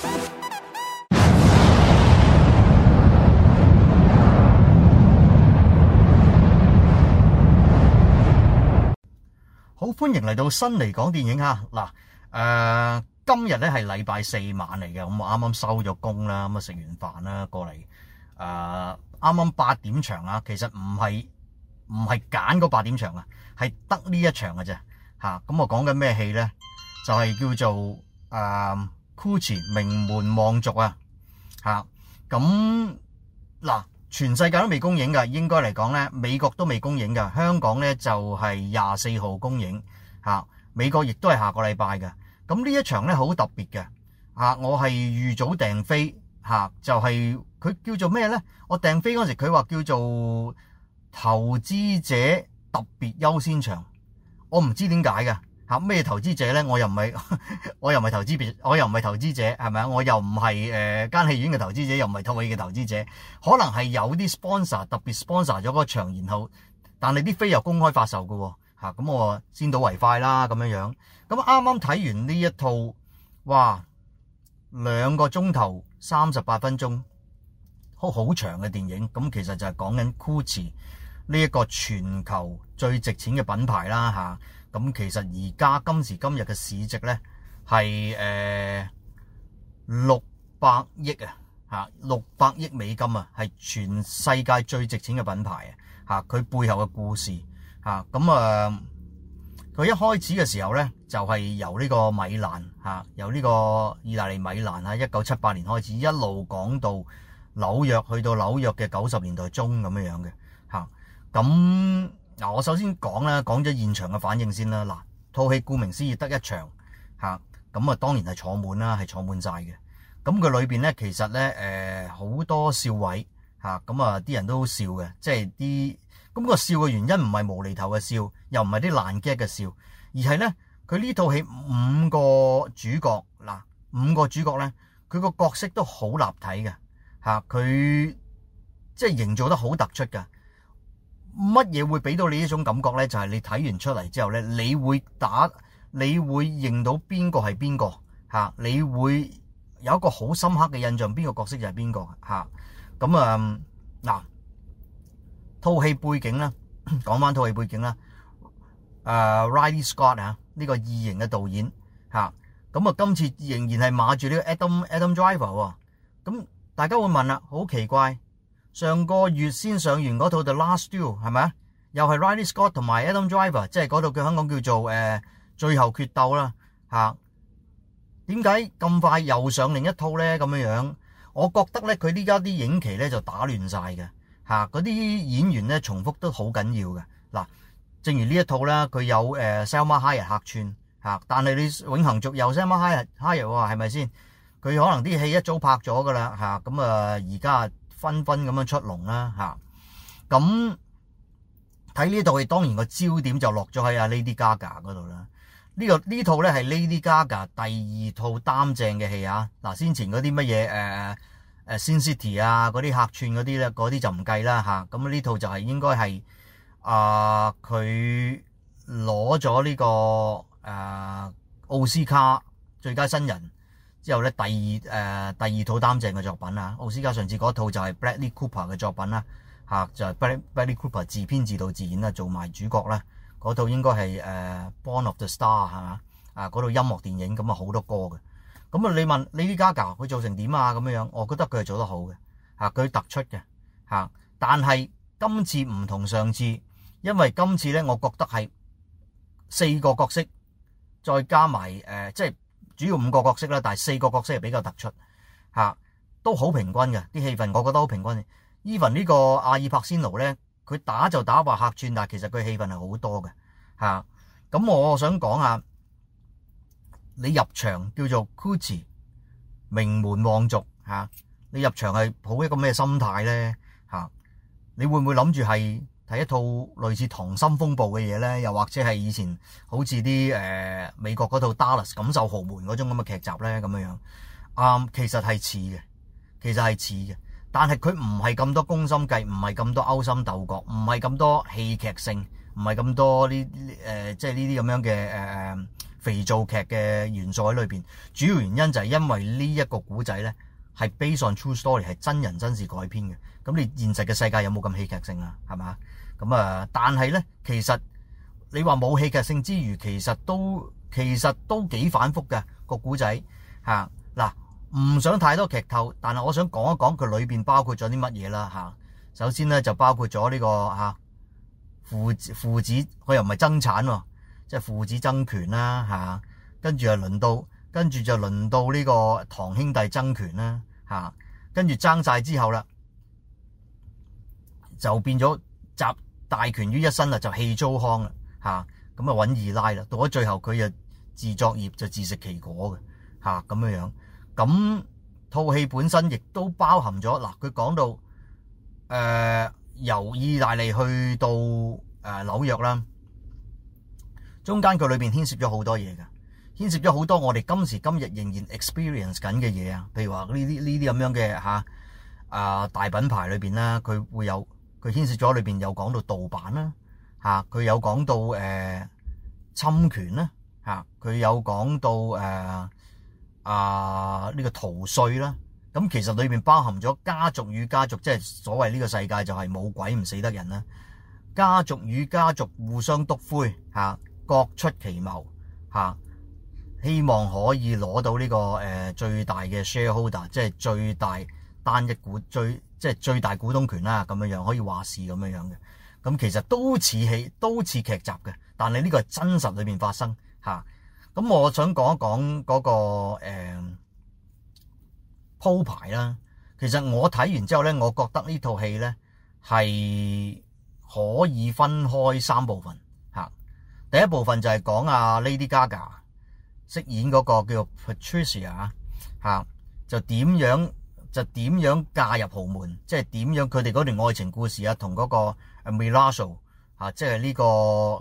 好，歡迎嚟到新嚟講電影吓嗱，誒、呃、今日咧係禮拜四晚嚟嘅，咁啊啱啱收咗工啦，咁啊食完飯啦過嚟，誒啱啱八點場啊，其實唔係。唔係揀嗰八點場啊，係得呢一場嘅啫嚇。咁我講緊咩戲咧？就係叫做誒《Gucci 名門望族》啊嚇。咁嗱，全世界都未公映嘅，應該嚟講咧，美國都未公映嘅。香港咧就係廿四號公映嚇，美國亦都係下個禮拜嘅。咁呢一場咧好特別嘅嚇，我係預早訂飛嚇，就係佢叫做咩咧？我訂飛嗰陣時佢話叫做。投資者特別優先場，我唔知點解嘅嚇咩投資者咧？我又唔係 我又唔係投資別，我又唔係投資者，係咪啊？我又唔係誒間戲院嘅投資者，又唔係套戲嘅投資者。可能係有啲 sponsor 特別 sponsor 咗嗰場，然後但係啲飛又公開發售嘅喎。咁我先睹為快啦，咁樣樣。咁啱啱睇完呢一套，哇兩個鐘頭三十八分鐘，好好長嘅電影。咁其實就係講緊 Gucci。呢一個全球最值錢嘅品牌啦嚇，咁其實而家今時今日嘅市值呢，係誒六百億啊嚇，六百億美金啊，係全世界最值錢嘅品牌啊嚇，佢背後嘅故事嚇，咁啊佢一開始嘅時候呢，就係由呢個米蘭嚇，由呢個意大利米蘭啊，一九七八年開始一路講到紐約，去到紐約嘅九十年代中咁樣樣嘅。咁嗱，我首先講啦，講咗現場嘅反應先啦。嗱，套戲顧名思義得一場吓，咁啊，當然係坐滿啦，係坐滿晒嘅。咁、啊、佢裏邊咧，其實咧誒好多笑位吓，咁啊啲人都笑嘅，即係啲咁個笑嘅原因唔係無厘頭嘅笑，又唔係啲爛 gag 嘅笑，而係咧佢呢套戲五個主角嗱、啊，五個主角咧，佢個角色都好立體嘅吓，佢、啊、即係營造得好突出噶。乜嘢會俾到你一種感覺咧？就係、是、你睇完出嚟之後咧，你會打，你會認到邊個係邊個吓，你會有一個好深刻嘅印象，邊個角色就係邊個吓。咁啊，嗱、嗯，套戲背景咧，講翻套戲背景啦。誒、啊、，Riley Scott 吓、啊，呢、這個異形嘅導演吓，咁啊，今次仍然係馬住呢個 Adam Adam Driver 咁、啊、大家會問啦，好奇怪。上個月先上完嗰套就《The Last Duel》係咪啊？又係 Ridley Scott 同埋 Adam Driver，即係嗰套叫香港叫做誒、呃《最後決鬥》啦。吓、啊，點解咁快又上另一套咧？咁樣樣，我覺得咧佢呢家啲影期咧就打亂晒嘅吓。嗰、啊、啲演員咧重複都好緊要嘅嗱、啊。正如呢一套啦，佢有誒、呃、Salma Hayek 客串吓、啊，但係你永恆族又 Salma Hayek？Hayek 係咪先？佢可能啲戲一早拍咗噶啦吓，咁啊而家。啊紛紛咁樣出籠啦嚇，咁睇呢套戲當然個焦點就落咗喺阿 Lady Gaga 嗰度啦。這個、套呢個呢套咧係 Lady Gaga 第二套擔正嘅戲啊！嗱，先前嗰啲乜嘢誒誒、呃、Sin City 啊嗰啲客串嗰啲咧，嗰啲就唔計啦嚇。咁、啊、呢套就係、是、應該係啊，佢攞咗呢個誒奧斯卡最佳新人。之後咧，第二誒、呃、第二套擔正嘅作品啊，奧斯卡上次嗰套就係 Bradley Cooper 嘅作品啦，嚇、啊、就係、Bradley Cooper 自編自導自演啦，做埋主角啦，嗰套應該係誒、呃《Born of the Star》係嘛？啊嗰套音樂電影咁啊好多歌嘅，咁啊你問 Lady Gaga，佢做成點啊咁樣樣？我覺得佢係做得好嘅，嚇、啊、佢突出嘅嚇、啊，但係今次唔同上次，因為今次咧，我覺得係四個角色再加埋誒、呃、即係。主要五個角色啦，但係四個角色係比較突出吓，都好平均嘅啲氣氛，我覺得好平均。Even 呢個阿爾柏仙奴咧，佢打就打話客串，但係其實佢氣氛係好多嘅吓。咁我想講下，你入場叫做 Gucci 名門望族吓，你入場係抱一個咩心態咧吓？你會唔會諗住係？係一套類似《溏心風暴》嘅嘢咧，又或者係以前好似啲誒美國嗰套《Dallas》錦繡豪門嗰種咁嘅劇集咧，咁樣樣啊、嗯，其實係似嘅，其實係似嘅，但係佢唔係咁多攻心計，唔係咁多勾心鬥角，唔係咁多戲劇性，唔係咁多呢誒即係呢啲咁樣嘅誒、呃、肥皂劇嘅元素喺裏邊。主要原因就係因為呢一個古仔咧係 Based on True Story 係真人真事改編嘅。咁你現實嘅世界有冇咁戲劇性啊？係嘛？咁啊！但係咧，其實你話冇戲劇性之餘，其實都其實都幾反覆嘅個故仔嚇嗱。唔、啊、想太多劇透，但係我想講一講佢裏邊包括咗啲乜嘢啦嚇。首先咧就包括咗呢、這個嚇父、啊、父子佢又唔係爭產喎、啊，即係父子爭權啦、啊、嚇。跟住又輪到跟住就輪到呢個堂兄弟爭權啦、啊、嚇。跟、啊、住爭晒之後啦，就變咗集。大權於一身啦，就棄糟糠啦，嚇咁啊揾二奶啦，到咗最後佢就自作孽就自食其果嘅，嚇咁樣樣。咁套戲本身亦都包含咗嗱，佢、啊、講到誒、呃、由意大利去到誒、呃、紐約啦，中間佢裏邊牽涉咗好多嘢嘅，牽涉咗好多我哋今時今日仍然 experience 緊嘅嘢啊，譬如話呢啲呢啲咁樣嘅嚇啊、呃、大品牌裏邊啦，佢會有。佢牽涉咗裏邊有講到盜版啦，嚇佢有講到誒、呃、侵權啦，嚇佢有講到誒、呃、啊呢、這個逃稅啦。咁其實裏邊包含咗家族與家族，即係所謂呢個世界就係冇鬼唔死得人啦。家族與家族互相督灰嚇，各出奇謀嚇，希望可以攞到呢個誒最大嘅 shareholder，即係最大單一股最。即係最大股東權啦，咁樣樣可以話事咁樣樣嘅，咁其實都似戲，都似劇集嘅，但係呢個係真實裏面發生嚇。咁、啊、我想講一講嗰、嗰個誒、嗯、鋪排啦。其實我睇完之後咧，我覺得呢套戲咧係可以分開三部分嚇、啊。第一部分就係講啊 Lady Gaga 飾演嗰個叫 Patricia 嚇、啊、嚇，就點樣？就點樣嫁入豪門，即係點樣佢哋嗰段愛情故事啊？同嗰個米拉索啊，即係呢個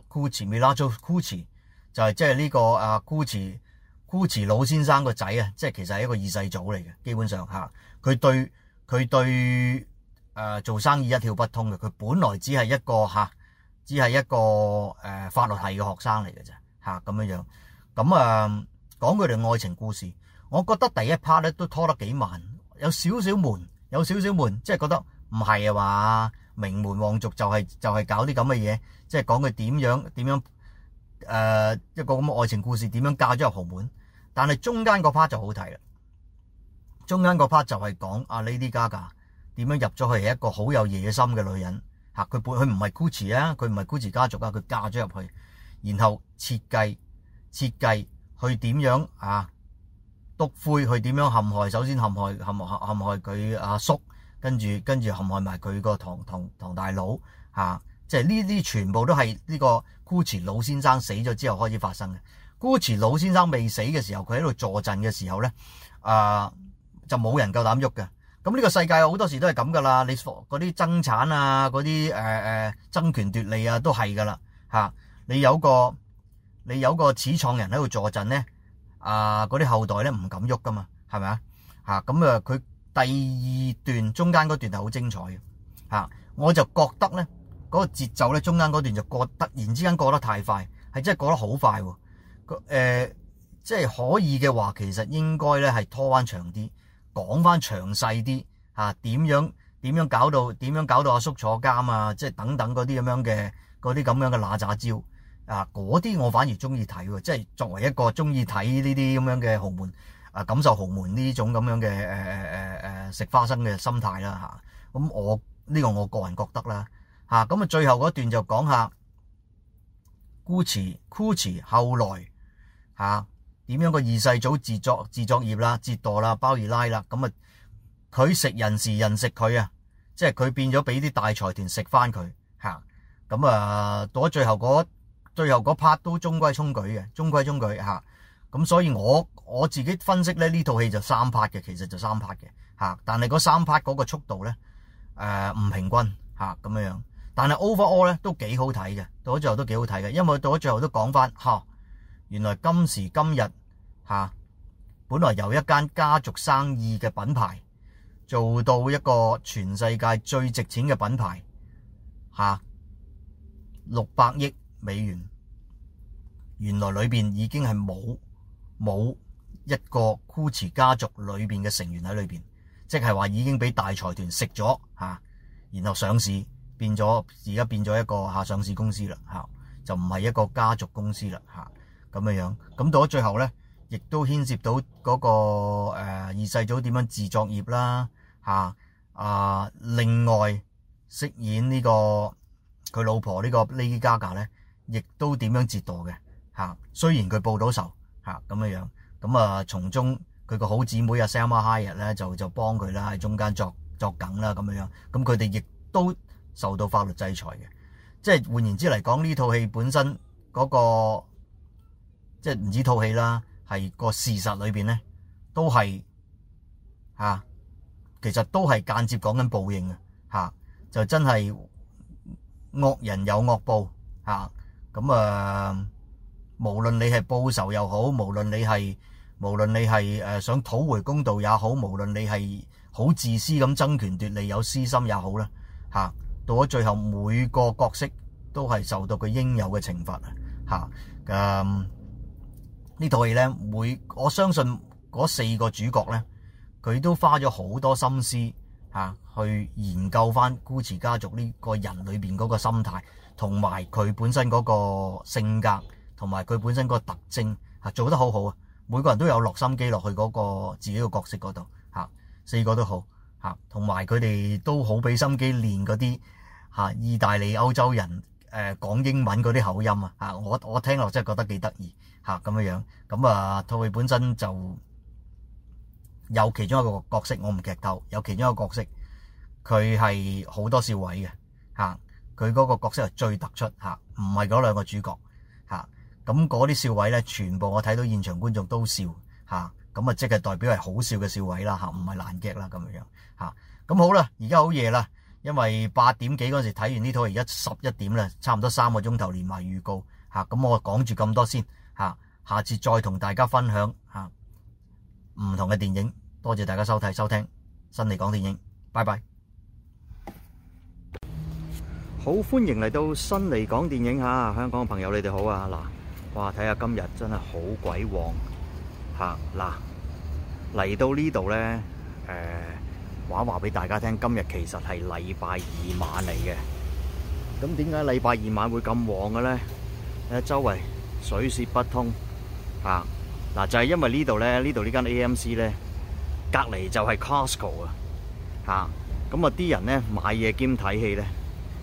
Gucci，米拉索 Gucci 就係即係呢個阿 GucciGucci 老先生個仔啊，即係其實係一個二世祖嚟嘅。基本上嚇，佢對佢對誒做生意一竅不通嘅，佢本來只係一個嚇，只係一個誒法律系嘅學生嚟嘅咋嚇，咁樣樣咁啊。講佢哋愛情故事，我覺得第一 part 咧都拖得幾慢。有少少悶，有少少悶，即係覺得唔係啊嘛！名門望族就係就係搞啲咁嘅嘢，即係講佢點樣點樣誒，一個咁嘅愛情故事，點樣嫁咗入豪門。但係中間個 part 就好睇啦，中間個 part 就係講啊 Lady Gaga 點樣入咗去，係一個好有野心嘅女人嚇，佢背佢唔係 Gucci 啊，佢唔係 Gucci 家族啊，佢嫁咗入去，然後設計設計去點樣啊？督灰佢點樣陷害？首先陷害陷陷陷害佢阿叔，跟住跟住陷害埋佢個堂堂堂大佬嚇、啊，即係呢啲全部都係呢個 Gucci 老先生死咗之後開始發生嘅。Gucci 老先生未死嘅時候，佢喺度坐鎮嘅時候咧，啊就冇人夠膽喐嘅。咁呢個世界好多時都係咁噶啦，你嗰啲爭產啊，嗰啲誒誒爭權奪利啊，都係噶啦嚇。你有個你有個始創人喺度坐鎮咧。啊！嗰啲後代咧唔敢喐噶嘛，係咪啊？嚇咁啊！佢第二段中間嗰段係好精彩嘅嚇、啊，我就覺得咧嗰、嗰個節奏咧中間嗰段就過突然之間過得太快，係真係過得好快喎、啊呃。即係可以嘅話，其實應該咧係拖翻長啲，講翻詳細啲嚇，點、啊、樣點樣搞到點樣搞到阿叔坐監啊？即係等等嗰啲咁樣嘅嗰啲咁樣嘅拿咋招。啊！嗰啲我反而中意睇喎，即係作為一個中意睇呢啲咁樣嘅豪門啊，感受豪門呢種咁樣嘅誒誒誒誒食花生嘅心態啦嚇。咁、啊、我呢、這個我個人覺得啦嚇。咁啊，最後嗰段就講下 Gucci Gucci 後來嚇點、啊、樣個二世祖自作自作孽啦，折墮啦包二奶啦。咁啊，佢食人時人食佢啊，即係佢變咗俾啲大財團食翻佢嚇。咁啊，啊，到咗最後嗰。最後嗰 part 都中規中矩嘅，中規中矩嚇。咁所以我我自己分析咧，呢套戲就三 part 嘅，其實就三 part 嘅嚇。但係嗰三 part 嗰個速度咧，誒唔平均嚇咁樣樣。但係 overall 咧都幾好睇嘅，到咗最後都幾好睇嘅，因為到咗最後都講翻嚇，原來今時今日嚇，本來由一間家族生意嘅品牌做到一個全世界最值錢嘅品牌嚇，六百億美元原來裏邊已經係冇冇一個 Gucci 家族裏邊嘅成員喺裏邊，即係話已經俾大財團食咗吓，然後上市變咗而家變咗一個吓上市公司啦吓，就唔係一個家族公司啦吓，咁樣樣咁到咗最後咧，亦都牽涉到嗰、那個誒、呃、二世祖點樣自作孽啦吓啊，啊，另外飾演呢、這個佢老婆個呢個 Lady Gaga 咧。亦都點樣折墮嘅嚇？雖然佢報到仇嚇咁樣樣，咁啊，從中佢個好姊妹阿 Salma Hayek 咧就就幫佢啦，喺中間作作梗啦咁樣樣，咁佢哋亦都受到法律制裁嘅。即係換言之嚟講，呢套戲本身嗰個即係唔止套戲啦，係個事實裏邊咧都係嚇、啊，其實都係間接講緊報應嘅嚇、啊，就真係惡人有惡報嚇。啊。咁啊、嗯，無論你係報仇又好，無論你係無論你係誒想討回公道也好，無論你係好自私咁爭權奪利有私心也好啦，吓到咗最後每個角色都係受到佢應有嘅懲罰吓，咁、啊嗯、呢套戲咧每我相信嗰四個主角咧，佢都花咗好多心思吓、啊、去研究翻古馳家族呢個人裏邊嗰個心態。同埋佢本身嗰個性格，同埋佢本身嗰個特徵嚇做得好好啊！每個人都有落心機落去嗰個自己嘅角色嗰度嚇，四個都好嚇，同埋佢哋都好俾心機練嗰啲嚇意大利歐洲人誒、呃、講英文嗰啲口音啊嚇！我我聽落真係覺得幾得意嚇咁樣樣，咁啊套戲本身就有其中一個角色，我唔劇透，有其中一個角色佢係好多笑位嘅嚇。啊佢嗰個角色係最突出嚇，唔係嗰兩個主角嚇，咁嗰啲笑位咧，全部我睇到現場觀眾都笑嚇，咁啊即係代表係好笑嘅笑位啦嚇，唔係爛劇啦咁樣樣嚇，咁好啦，而家好夜啦，因為八點幾嗰陣時睇完呢套，而家十一點啦，差唔多三個鐘頭連埋預告嚇，咁我講住咁多先嚇，下次再同大家分享嚇唔同嘅電影，多謝大家收睇收聽，辛尼講電影，拜拜。好，歡迎嚟到新嚟港電影吓、啊，香港嘅朋友你，你哋好啊嗱！哇，睇下今日真係好鬼旺吓嗱，嚟到呢度咧，誒、呃，話話俾大家聽，今日其實係禮拜二晚嚟嘅。咁點解禮拜二晚會咁旺嘅咧？誒、啊，周圍水泄不通吓嗱、啊啊，就係、是、因為呢度咧，這這呢度、啊啊、呢間 AMC 咧，隔籬就係 Costco 啊吓，咁啊啲人咧買嘢兼睇戲咧。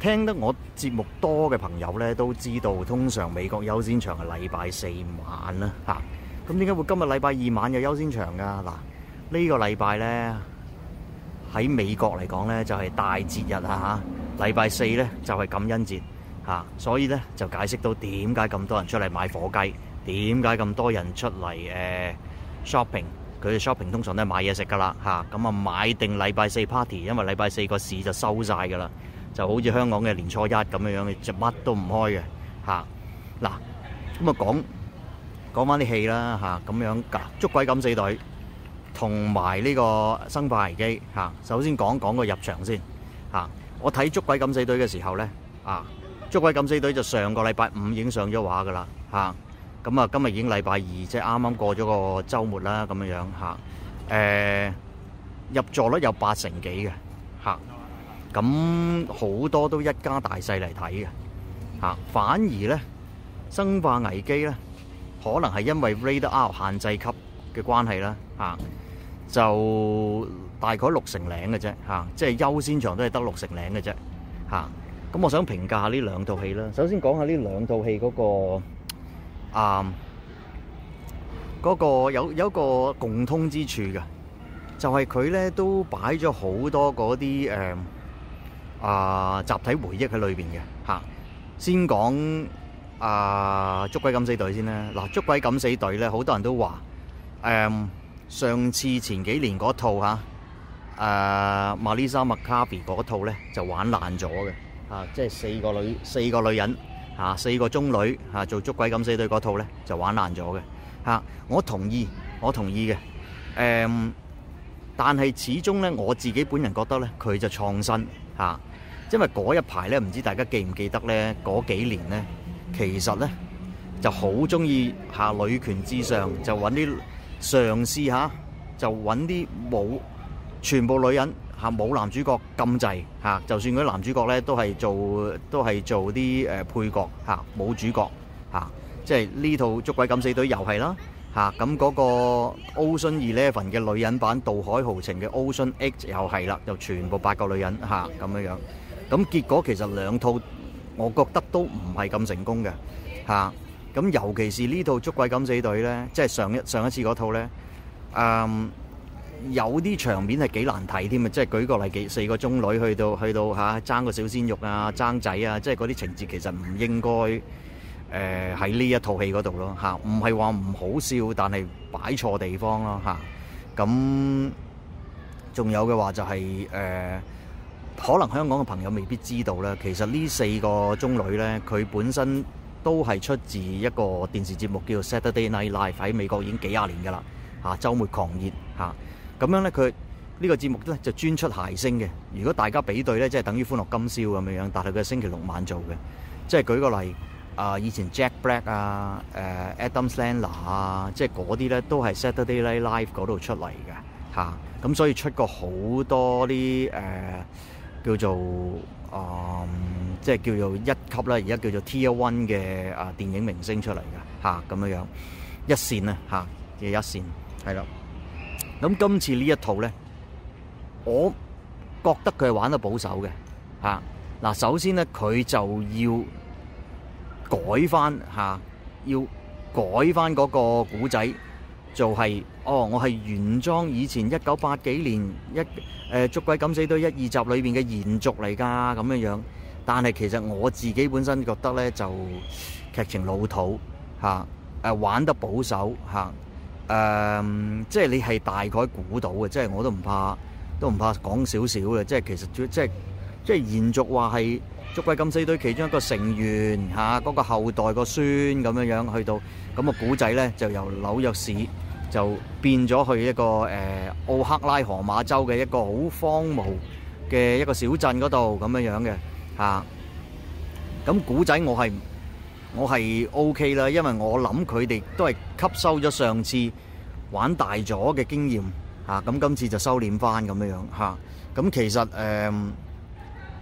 聽得我節目多嘅朋友咧，都知道通常美國優先場係禮拜四晚啦。嚇、啊，咁點解會今日禮拜二晚有優先場噶？嗱，呢個禮拜呢，喺、這個、美國嚟講呢，就係、是、大節日啊！嚇，禮拜四呢，就係、是、感恩節嚇、啊，所以呢，就解釋到點解咁多人出嚟買火雞，點解咁多人出嚟誒 shopping。佢、呃、哋 shopping shop 通常都係買嘢食噶啦嚇，咁啊，啊買定禮拜四 party，因為禮拜四個市就收晒噶啦。就好似香港嘅年初一咁樣樣，就乜都唔開嘅嚇。嗱，咁啊講講翻啲戲啦嚇，咁樣㗎《捉鬼敢死隊》同埋呢個《生化危機》嚇。首先講講個入場先嚇。我睇《捉鬼敢死隊》嘅時候咧啊，《捉鬼敢死隊》就上個禮拜五已經上咗畫噶啦嚇。咁啊今日已經禮拜二，即係啱啱過咗個週末啦咁樣樣嚇。誒入座率有八成幾嘅嚇。咁好多都一家大細嚟睇嘅，嚇，反而咧《生化危機》咧，可能係因為 rated R 限制級嘅關係啦，嚇，就大概六成零嘅啫，嚇，即係優先場都係得六成零嘅啫，嚇。咁我想評價下呢兩套戲啦。首先講下呢兩套戲嗰個，啊，嗰個有有一個共通之處嘅，就係佢咧都擺咗好多嗰啲誒。啊、呃！集體回憶喺裏邊嘅嚇，先講啊、呃！捉鬼敢死隊先啦。嗱，捉鬼敢死隊咧，好多人都話誒、嗯，上次前幾年嗰套嚇，誒 Melissa McCarthy 嗰套咧就玩爛咗嘅嚇，即係四個女四個女人嚇、啊，四個中女嚇、啊、做捉鬼敢死隊嗰套咧就玩爛咗嘅嚇。我同意，我同意嘅誒、啊，但係始終咧我自己本人覺得咧佢就創新嚇。啊因為嗰一排咧，唔知大家記唔記得咧？嗰幾年咧，其實咧就好鍾意下女權至上，就揾啲嘗試下、啊，就揾啲冇全部女人嚇冇、啊、男主角禁制嚇、啊，就算嗰啲男主角咧都係做都係做啲誒配角嚇冇、啊、主角嚇、啊，即係呢套《捉鬼敢死隊》又係啦嚇，咁嗰個 Ocean Eleven 嘅女人版《渡海豪情》嘅 Ocean X 又係啦，就全部八個女人嚇咁、啊、樣樣。咁結果其實兩套，我覺得都唔係咁成功嘅，嚇、啊。咁尤其是呢套《捉鬼敢死隊》咧，即係上一上一次嗰套咧，誒、嗯、有啲場面係幾難睇添啊！即係舉個例，幾四個中女去到去到嚇、啊、爭個小鮮肉啊，爭仔啊，即係嗰啲情節其實唔應該誒喺呢一套戲嗰度咯嚇。唔係話唔好笑，但係擺錯地方咯嚇。咁、啊、仲、啊、有嘅話就係、是、誒。呃可能香港嘅朋友未必知道咧，其實呢四個中女咧，佢本身都係出自一個電視節目叫 Saturday Night Live，喺美國已經幾廿年㗎啦。嚇、啊，週末狂熱嚇，咁、啊、樣咧佢呢、這個節目咧就專出諧星嘅。如果大家比對咧，即係等於歡樂今宵咁樣樣，但係佢係星期六晚做嘅。即係舉個例，啊，以前 Jack Black 啊，誒、啊、Adam Sandler 啊，即係嗰啲咧都係 Saturday Night Live 嗰度出嚟嘅。嚇、啊，咁所以出過好多啲誒。呃叫做啊、呃，即係叫做一級啦，而家叫做 tier one 嘅啊電影明星出嚟嘅嚇咁樣樣一線啊嚇嘅一線係啦。咁今次這一呢一套咧，我覺得佢係玩得保守嘅嚇嗱。首先咧，佢就要改翻嚇、啊，要改翻嗰個故仔。就係、是、哦，我係原裝以前一九八幾年一誒、呃、捉鬼敢死隊一二集裏邊嘅延續嚟㗎咁樣樣，但係其實我自己本身覺得咧就劇情老土嚇，誒、啊、玩得保守嚇，誒、啊嗯、即係你係大概估到嘅，即係我都唔怕，都唔怕講少少嘅，即係其實即即即延續話係。捉鬼敢死隊其中一個成員嚇，嗰個後代個孫咁樣樣去到，咁個古仔咧就由紐約市就變咗去一個誒奧克拉荷馬州嘅一個好荒蕪嘅一個小鎮嗰度咁樣樣嘅嚇。咁古仔我係我係 OK 啦，因為我諗佢哋都係吸收咗上次玩大咗嘅經驗嚇，咁今次就收斂翻咁樣樣嚇。咁其實誒。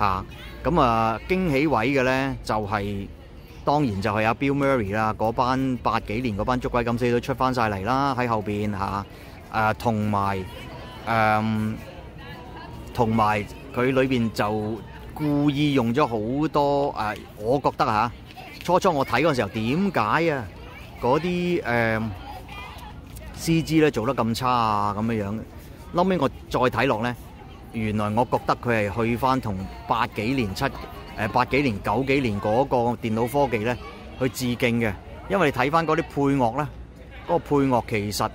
嚇，咁啊，驚喜位嘅咧就係、是、當然就係阿 Bill Murray 啦，嗰班八幾年嗰班捉鬼敢死都出翻晒嚟啦，喺後邊嚇，誒同埋誒同埋佢裏邊就故意用咗好多誒、啊，我覺得嚇、啊，初初我睇嗰時候點解啊嗰啲誒 C G 咧做得咁差啊咁樣樣，後尾我再睇落咧。原來我覺得佢係去翻同八幾年七誒八幾年九幾年嗰個電腦科技咧去致敬嘅，因為你睇翻嗰啲配樂咧，嗰個配樂其實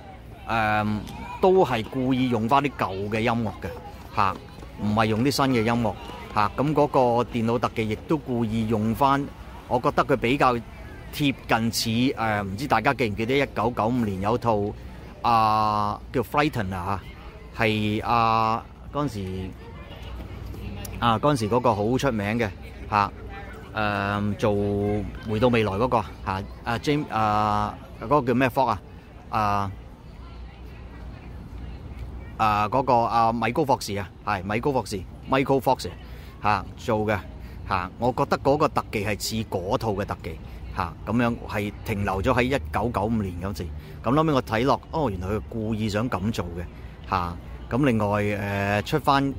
誒都係故意用翻啲舊嘅音樂嘅嚇，唔係用啲新嘅音樂嚇。咁嗰個電腦特技亦都故意用翻，我覺得佢比較貼近似誒，唔知大家記唔記得一九九五年有套啊叫《Frighteners》啊，係啊。嗰陣時啊，嗰陣時嗰個好出名嘅嚇，誒、啊、做回到未來嗰、那個阿 Jim 啊，嗰、啊那個叫咩 Fox 啊，啊啊嗰、那個阿米高霍士啊，係米高霍士 Michael Fox 嚇、啊、做嘅嚇、啊，我覺得嗰個特技係似嗰套嘅特技嚇，咁、啊、樣係停留咗喺一九九五年嗰陣時，咁後屘我睇落，哦原來佢故意想咁做嘅嚇。啊咁另外誒、呃、出翻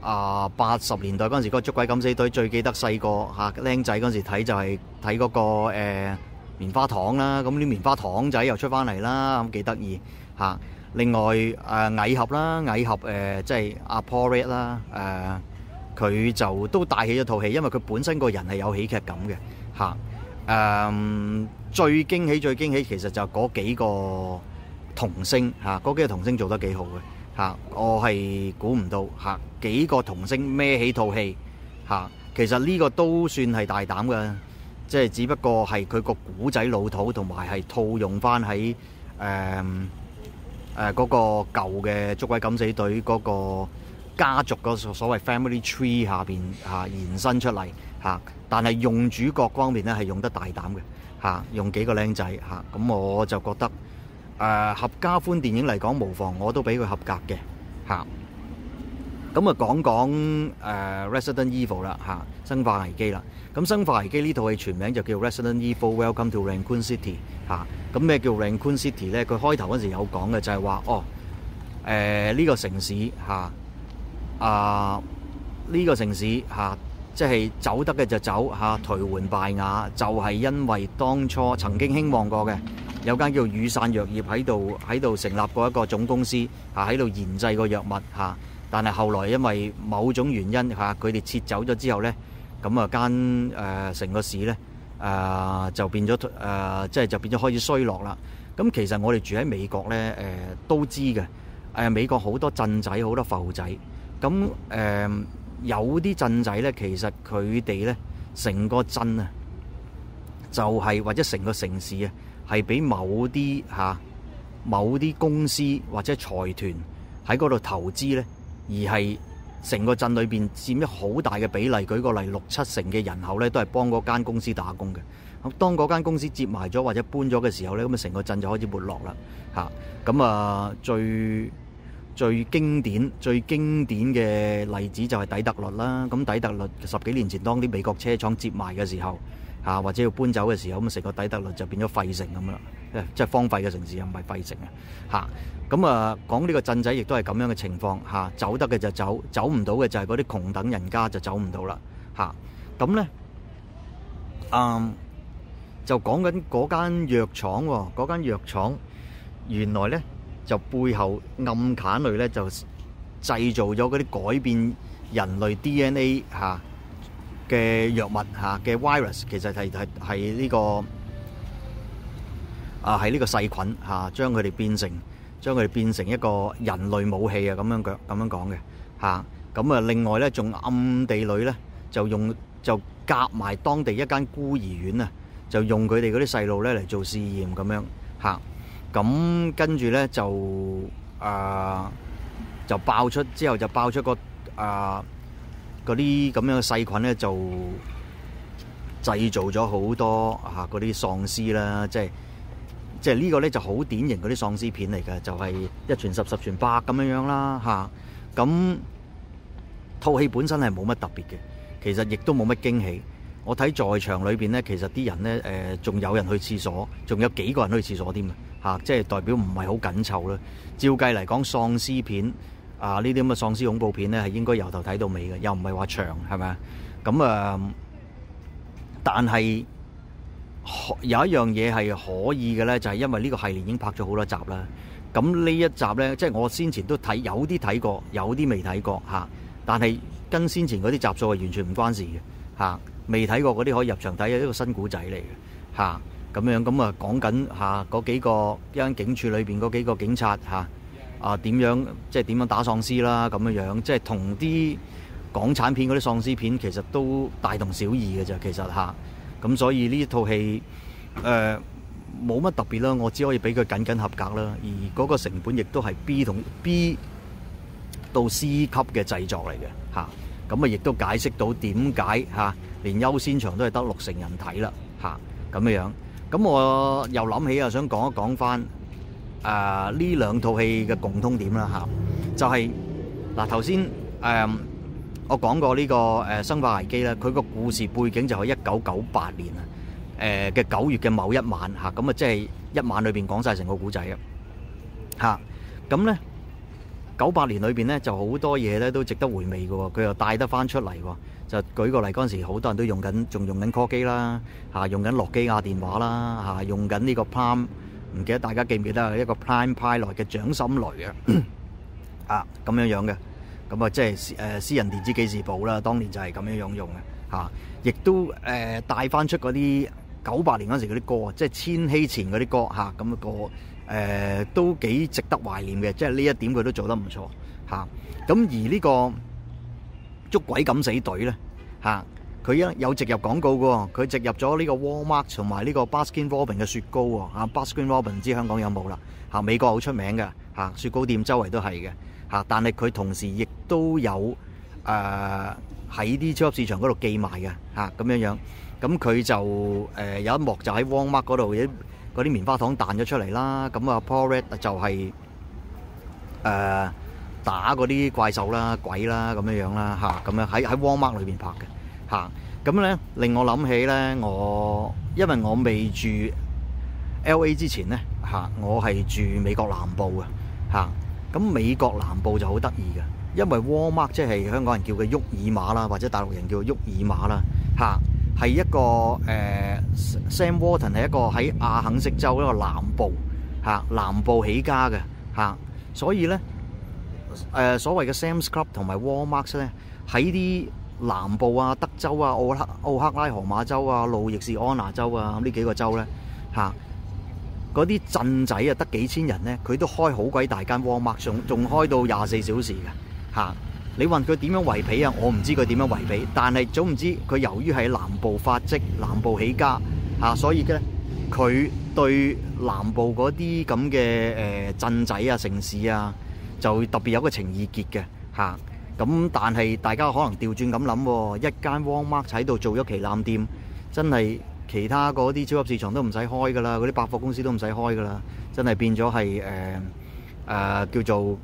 啊八十年代嗰陣時個捉鬼敢死隊，最記得細個、啊就是那個嚇僆仔嗰陣時睇就係睇嗰個棉花糖啦，咁、嗯、啲棉花糖仔又出翻嚟啦，咁幾得意嚇。另外誒蟻、啊、俠啦，蟻俠誒即係阿 Paul Rudd 啦，誒、啊、佢就都帶起咗套戲，因為佢本身個人係有喜劇感嘅嚇。誒、啊啊、最驚喜最驚喜其實就嗰幾個童星嚇，嗰、啊、幾個童星做得幾好嘅。嚇、啊！我係估唔到嚇、啊、幾個童星孭起套戲嚇，其實呢個都算係大膽嘅，即係只不過係佢個古仔老土，同埋係套用翻喺誒誒嗰個舊嘅捉鬼敢死隊嗰個家族個所謂 family tree 下邊嚇、啊、延伸出嚟嚇、啊，但係用主角方面咧係用得大膽嘅嚇、啊，用幾個靚仔嚇，咁、啊、我就覺得。誒合、呃、家歡電影嚟講，無妨我都俾佢合格嘅嚇。咁啊、嗯，講講誒、呃、Resident Evil 啦嚇、啊，生化危機啦。咁、啊、生化危機呢套戲全名就叫 Resident Evil Welcome to Raccoon City 嚇、啊。咁、啊、咩叫 Raccoon City 咧？佢開頭嗰陣時有講嘅就係話哦，誒、呃、呢、這個城市嚇啊呢、啊這個城市嚇、啊，即係走得嘅就走嚇，頹垣敗瓦就係、是、因為當初曾經興旺過嘅。有間叫雨傘藥業喺度，喺度成立過一個總公司，啊喺度研製個藥物嚇。但係後來因為某種原因嚇，佢哋撤走咗之後咧，咁啊間誒成個市咧誒就變咗誒，即係就變咗開始衰落啦。咁其實我哋住喺美國咧誒都知嘅誒，美國好多鎮仔好多埠仔，咁誒有啲鎮仔咧，其實佢哋咧成個鎮啊，就係、是、或者成個城市啊。係俾某啲嚇、啊、某啲公司或者財團喺嗰度投資呢，而係成個鎮裏邊佔咗好大嘅比例。舉個例，六七成嘅人口呢都係幫嗰間公司打工嘅。咁當嗰間公司接埋咗或者搬咗嘅時候呢，咁啊成個鎮就開始沒落啦嚇。咁啊最最經典最經典嘅例子就係底特律啦。咁底特律十幾年前當啲美國車廠接埋嘅時候，啊，或者要搬走嘅時候，咁成個底特律就變咗廢城咁啦，即係荒廢嘅城市又唔係廢城啊！嚇，咁啊，講呢個鎮仔亦都係咁樣嘅情況嚇、啊，走得嘅就走，走唔到嘅就係嗰啲窮等人家就走唔到啦嚇。咁、啊、咧，嗯、啊，就講緊嗰間藥廠喎、哦，嗰間藥廠原來咧就背後暗坎裏咧就製造咗嗰啲改變人類 DNA 嚇、啊。嘅藥物嚇，嘅 virus，其實係係係呢個啊，係呢個細菌嚇，將佢哋變成將佢哋變成一個人類武器啊！咁樣講咁樣講嘅嚇，咁啊，另外咧仲暗地裏咧就用就夾埋當地一間孤兒院啊，就用佢哋嗰啲細路咧嚟做試驗咁樣嚇，咁跟住咧就啊就爆出之後就爆出個啊。嗰啲咁樣嘅細菌咧，就製造咗好多嚇嗰啲喪屍啦，即係即係呢個咧就好典型嗰啲喪屍片嚟嘅，就係、是、一傳十十傳百咁樣樣啦嚇。咁、啊、套戲本身係冇乜特別嘅，其實亦都冇乜驚喜。我睇在場裏邊咧，其實啲人咧誒仲有人去廁所，仲有幾個人去廁所添嘅嚇，即係代表唔係好緊湊啦。照計嚟講，喪屍片。啊！呢啲咁嘅喪屍恐怖片咧，係應該由頭睇到尾嘅，又唔係話長，係咪？咁啊，但係有一樣嘢係可以嘅咧，就係、是、因為呢個系列已經拍咗好多集啦。咁呢一集咧，即係我先前都睇，有啲睇過，有啲未睇過嚇、啊。但係跟先前嗰啲集數係完全唔關事嘅嚇。未、啊、睇過嗰啲可以入場睇，係一個新古仔嚟嘅嚇。咁樣咁啊，講緊嚇嗰幾個一間、啊、警署裏邊嗰幾個警察嚇。啊啊，點樣即係點樣打喪屍啦？咁樣樣即係同啲港產片嗰啲喪屍片其實都大同小異嘅啫。其實吓，咁、啊、所以呢一套戲誒冇乜特別啦，我只可以俾佢僅僅合格啦。而嗰個成本亦都係 B 同 B 到 C 級嘅製作嚟嘅嚇，咁啊亦都解釋到點解嚇連優先場都係得六成人睇啦嚇咁嘅樣。咁我又諗起啊，想講一講翻。誒，呢、啊、兩套戲嘅共通點啦吓、啊，就係嗱頭先誒我講過呢、這個誒、呃、生化危機啦，佢個故事背景就係一九九八年啊，誒嘅九月嘅某一晚吓，咁啊即係一晚裏邊講晒成個古仔啊吓，咁咧九八年裏邊咧就好多嘢咧都值得回味嘅，佢又帶得翻出嚟，就舉個例嗰陣時好多人都用緊仲用緊 call 機啦吓，用緊諾基亞電話啦吓、啊，用緊呢個 Palm 唔記得大家記唔記得一個 Prime Pilot 嘅掌心雷嘅啊，咁、 啊、樣樣嘅，咁、嗯、啊即係誒、呃、私人電子記事簿啦，當年就係咁樣樣用嘅嚇，亦、啊、都誒、呃、帶翻出嗰啲九八年嗰時嗰啲歌，即係千禧前嗰啲歌嚇，咁、啊嗰個誒、呃、都幾值得懷念嘅，即係呢一點佢都做得唔錯嚇。咁、啊、而呢、呢個捉鬼敢死隊咧嚇。啊佢因有植入廣告嘅，佢植入咗呢個 Walmart 同埋呢個 Baskin Robbins 嘅雪糕喎，Baskin Robbins 唔知香港有冇啦，嚇美國好出名嘅，嚇雪糕店周圍都係嘅，嚇但係佢同時亦都有誒喺啲超級市場嗰度寄賣嘅，嚇咁樣樣，咁佢就誒、呃、有一幕就喺 Walmart 嗰度嗰啲棉花糖彈咗出嚟啦，咁啊 Polaroid 就係、是、誒、呃、打嗰啲怪獸啦、鬼啦咁樣樣啦，嚇咁樣喺喺 Walmart 裏邊拍嘅。嚇！咁咧令我諗起咧，我因為我未住 L.A. 之前咧，嚇我係住美國南部嘅，嚇！咁、嗯、美國南部就好得意嘅，因為 Wal-Mart 即係香港人叫嘅沃爾瑪啦，或者大陸人叫沃爾瑪啦，嚇！係一個誒、呃、Sam Walton 係一個喺亞肯色州一個南部嚇南部起家嘅嚇，所以咧誒、呃、所謂嘅 Sam’s Club 同埋 Wal-Mart 咧喺啲。南部啊，德州啊，奧克奧克拉荷馬州啊，路易士安那州啊，呢幾個州咧吓，嗰、啊、啲鎮仔啊，得幾千人咧，佢都開好鬼大間沃爾瑪，仲仲開到廿四小時嘅吓、啊。你問佢點樣維皮啊？我唔知佢點樣維皮，但係總唔知佢由於喺南部發跡、南部起家吓、啊，所以咧佢對南部嗰啲咁嘅誒鎮仔啊、城市啊，就特別有個情意結嘅吓。啊。咁但係大家可能調轉咁諗、哦，一間 Walmart 喺度做咗旗艦店，真係其他嗰啲超級市場都唔使開噶啦，嗰啲百貨公司都唔使開噶啦，真係變咗係誒誒叫做誒、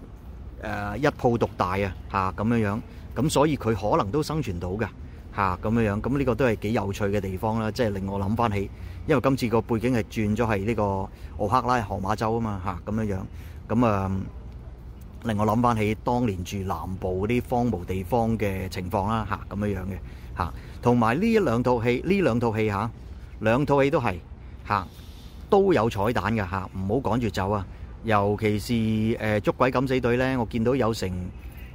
呃、一鋪獨大啊嚇咁樣樣。咁所以佢可能都生存到嘅嚇咁樣樣。咁呢個都係幾有趣嘅地方啦，即係令我諗翻起，因為今次個背景係轉咗係呢個奧克拉荷馬州啊嘛嚇咁樣樣。咁啊～令我諗翻起當年住南部啲荒蕪地方嘅情況啦，吓、啊、咁樣樣嘅，吓同埋呢一兩套戲，呢兩套戲吓，兩、啊、套戲都係吓、啊、都有彩蛋嘅吓，唔好趕住走啊！尤其是誒、呃、捉鬼敢死隊咧，我見到有成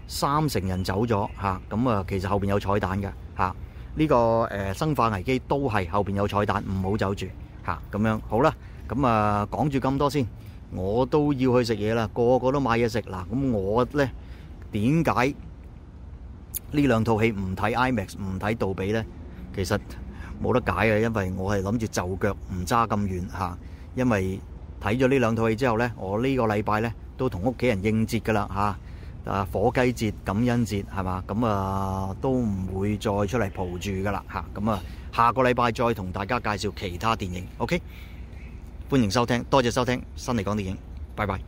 三成人走咗吓，咁啊，啊其實後邊有彩蛋嘅吓，呢、啊這個誒、呃、生化危機都係後邊有彩蛋，唔好走住吓咁樣。好啦，咁啊講住咁多先。我都要去食嘢啦，個個都買嘢食嗱。咁我呢，點解呢兩套戲唔睇 IMAX 唔睇杜比呢？其實冇得解呀，因為我係諗住就腳唔揸咁遠吓，因為睇咗呢兩套戲之後呢，我呢個禮拜呢都同屋企人應節噶啦吓，啊火雞節感恩節係嘛，咁啊都唔會再出嚟蒲住噶啦吓，咁啊下個禮拜再同大家介紹其他電影，OK？歡迎收聽，多謝收聽，辛尼講電影，拜拜。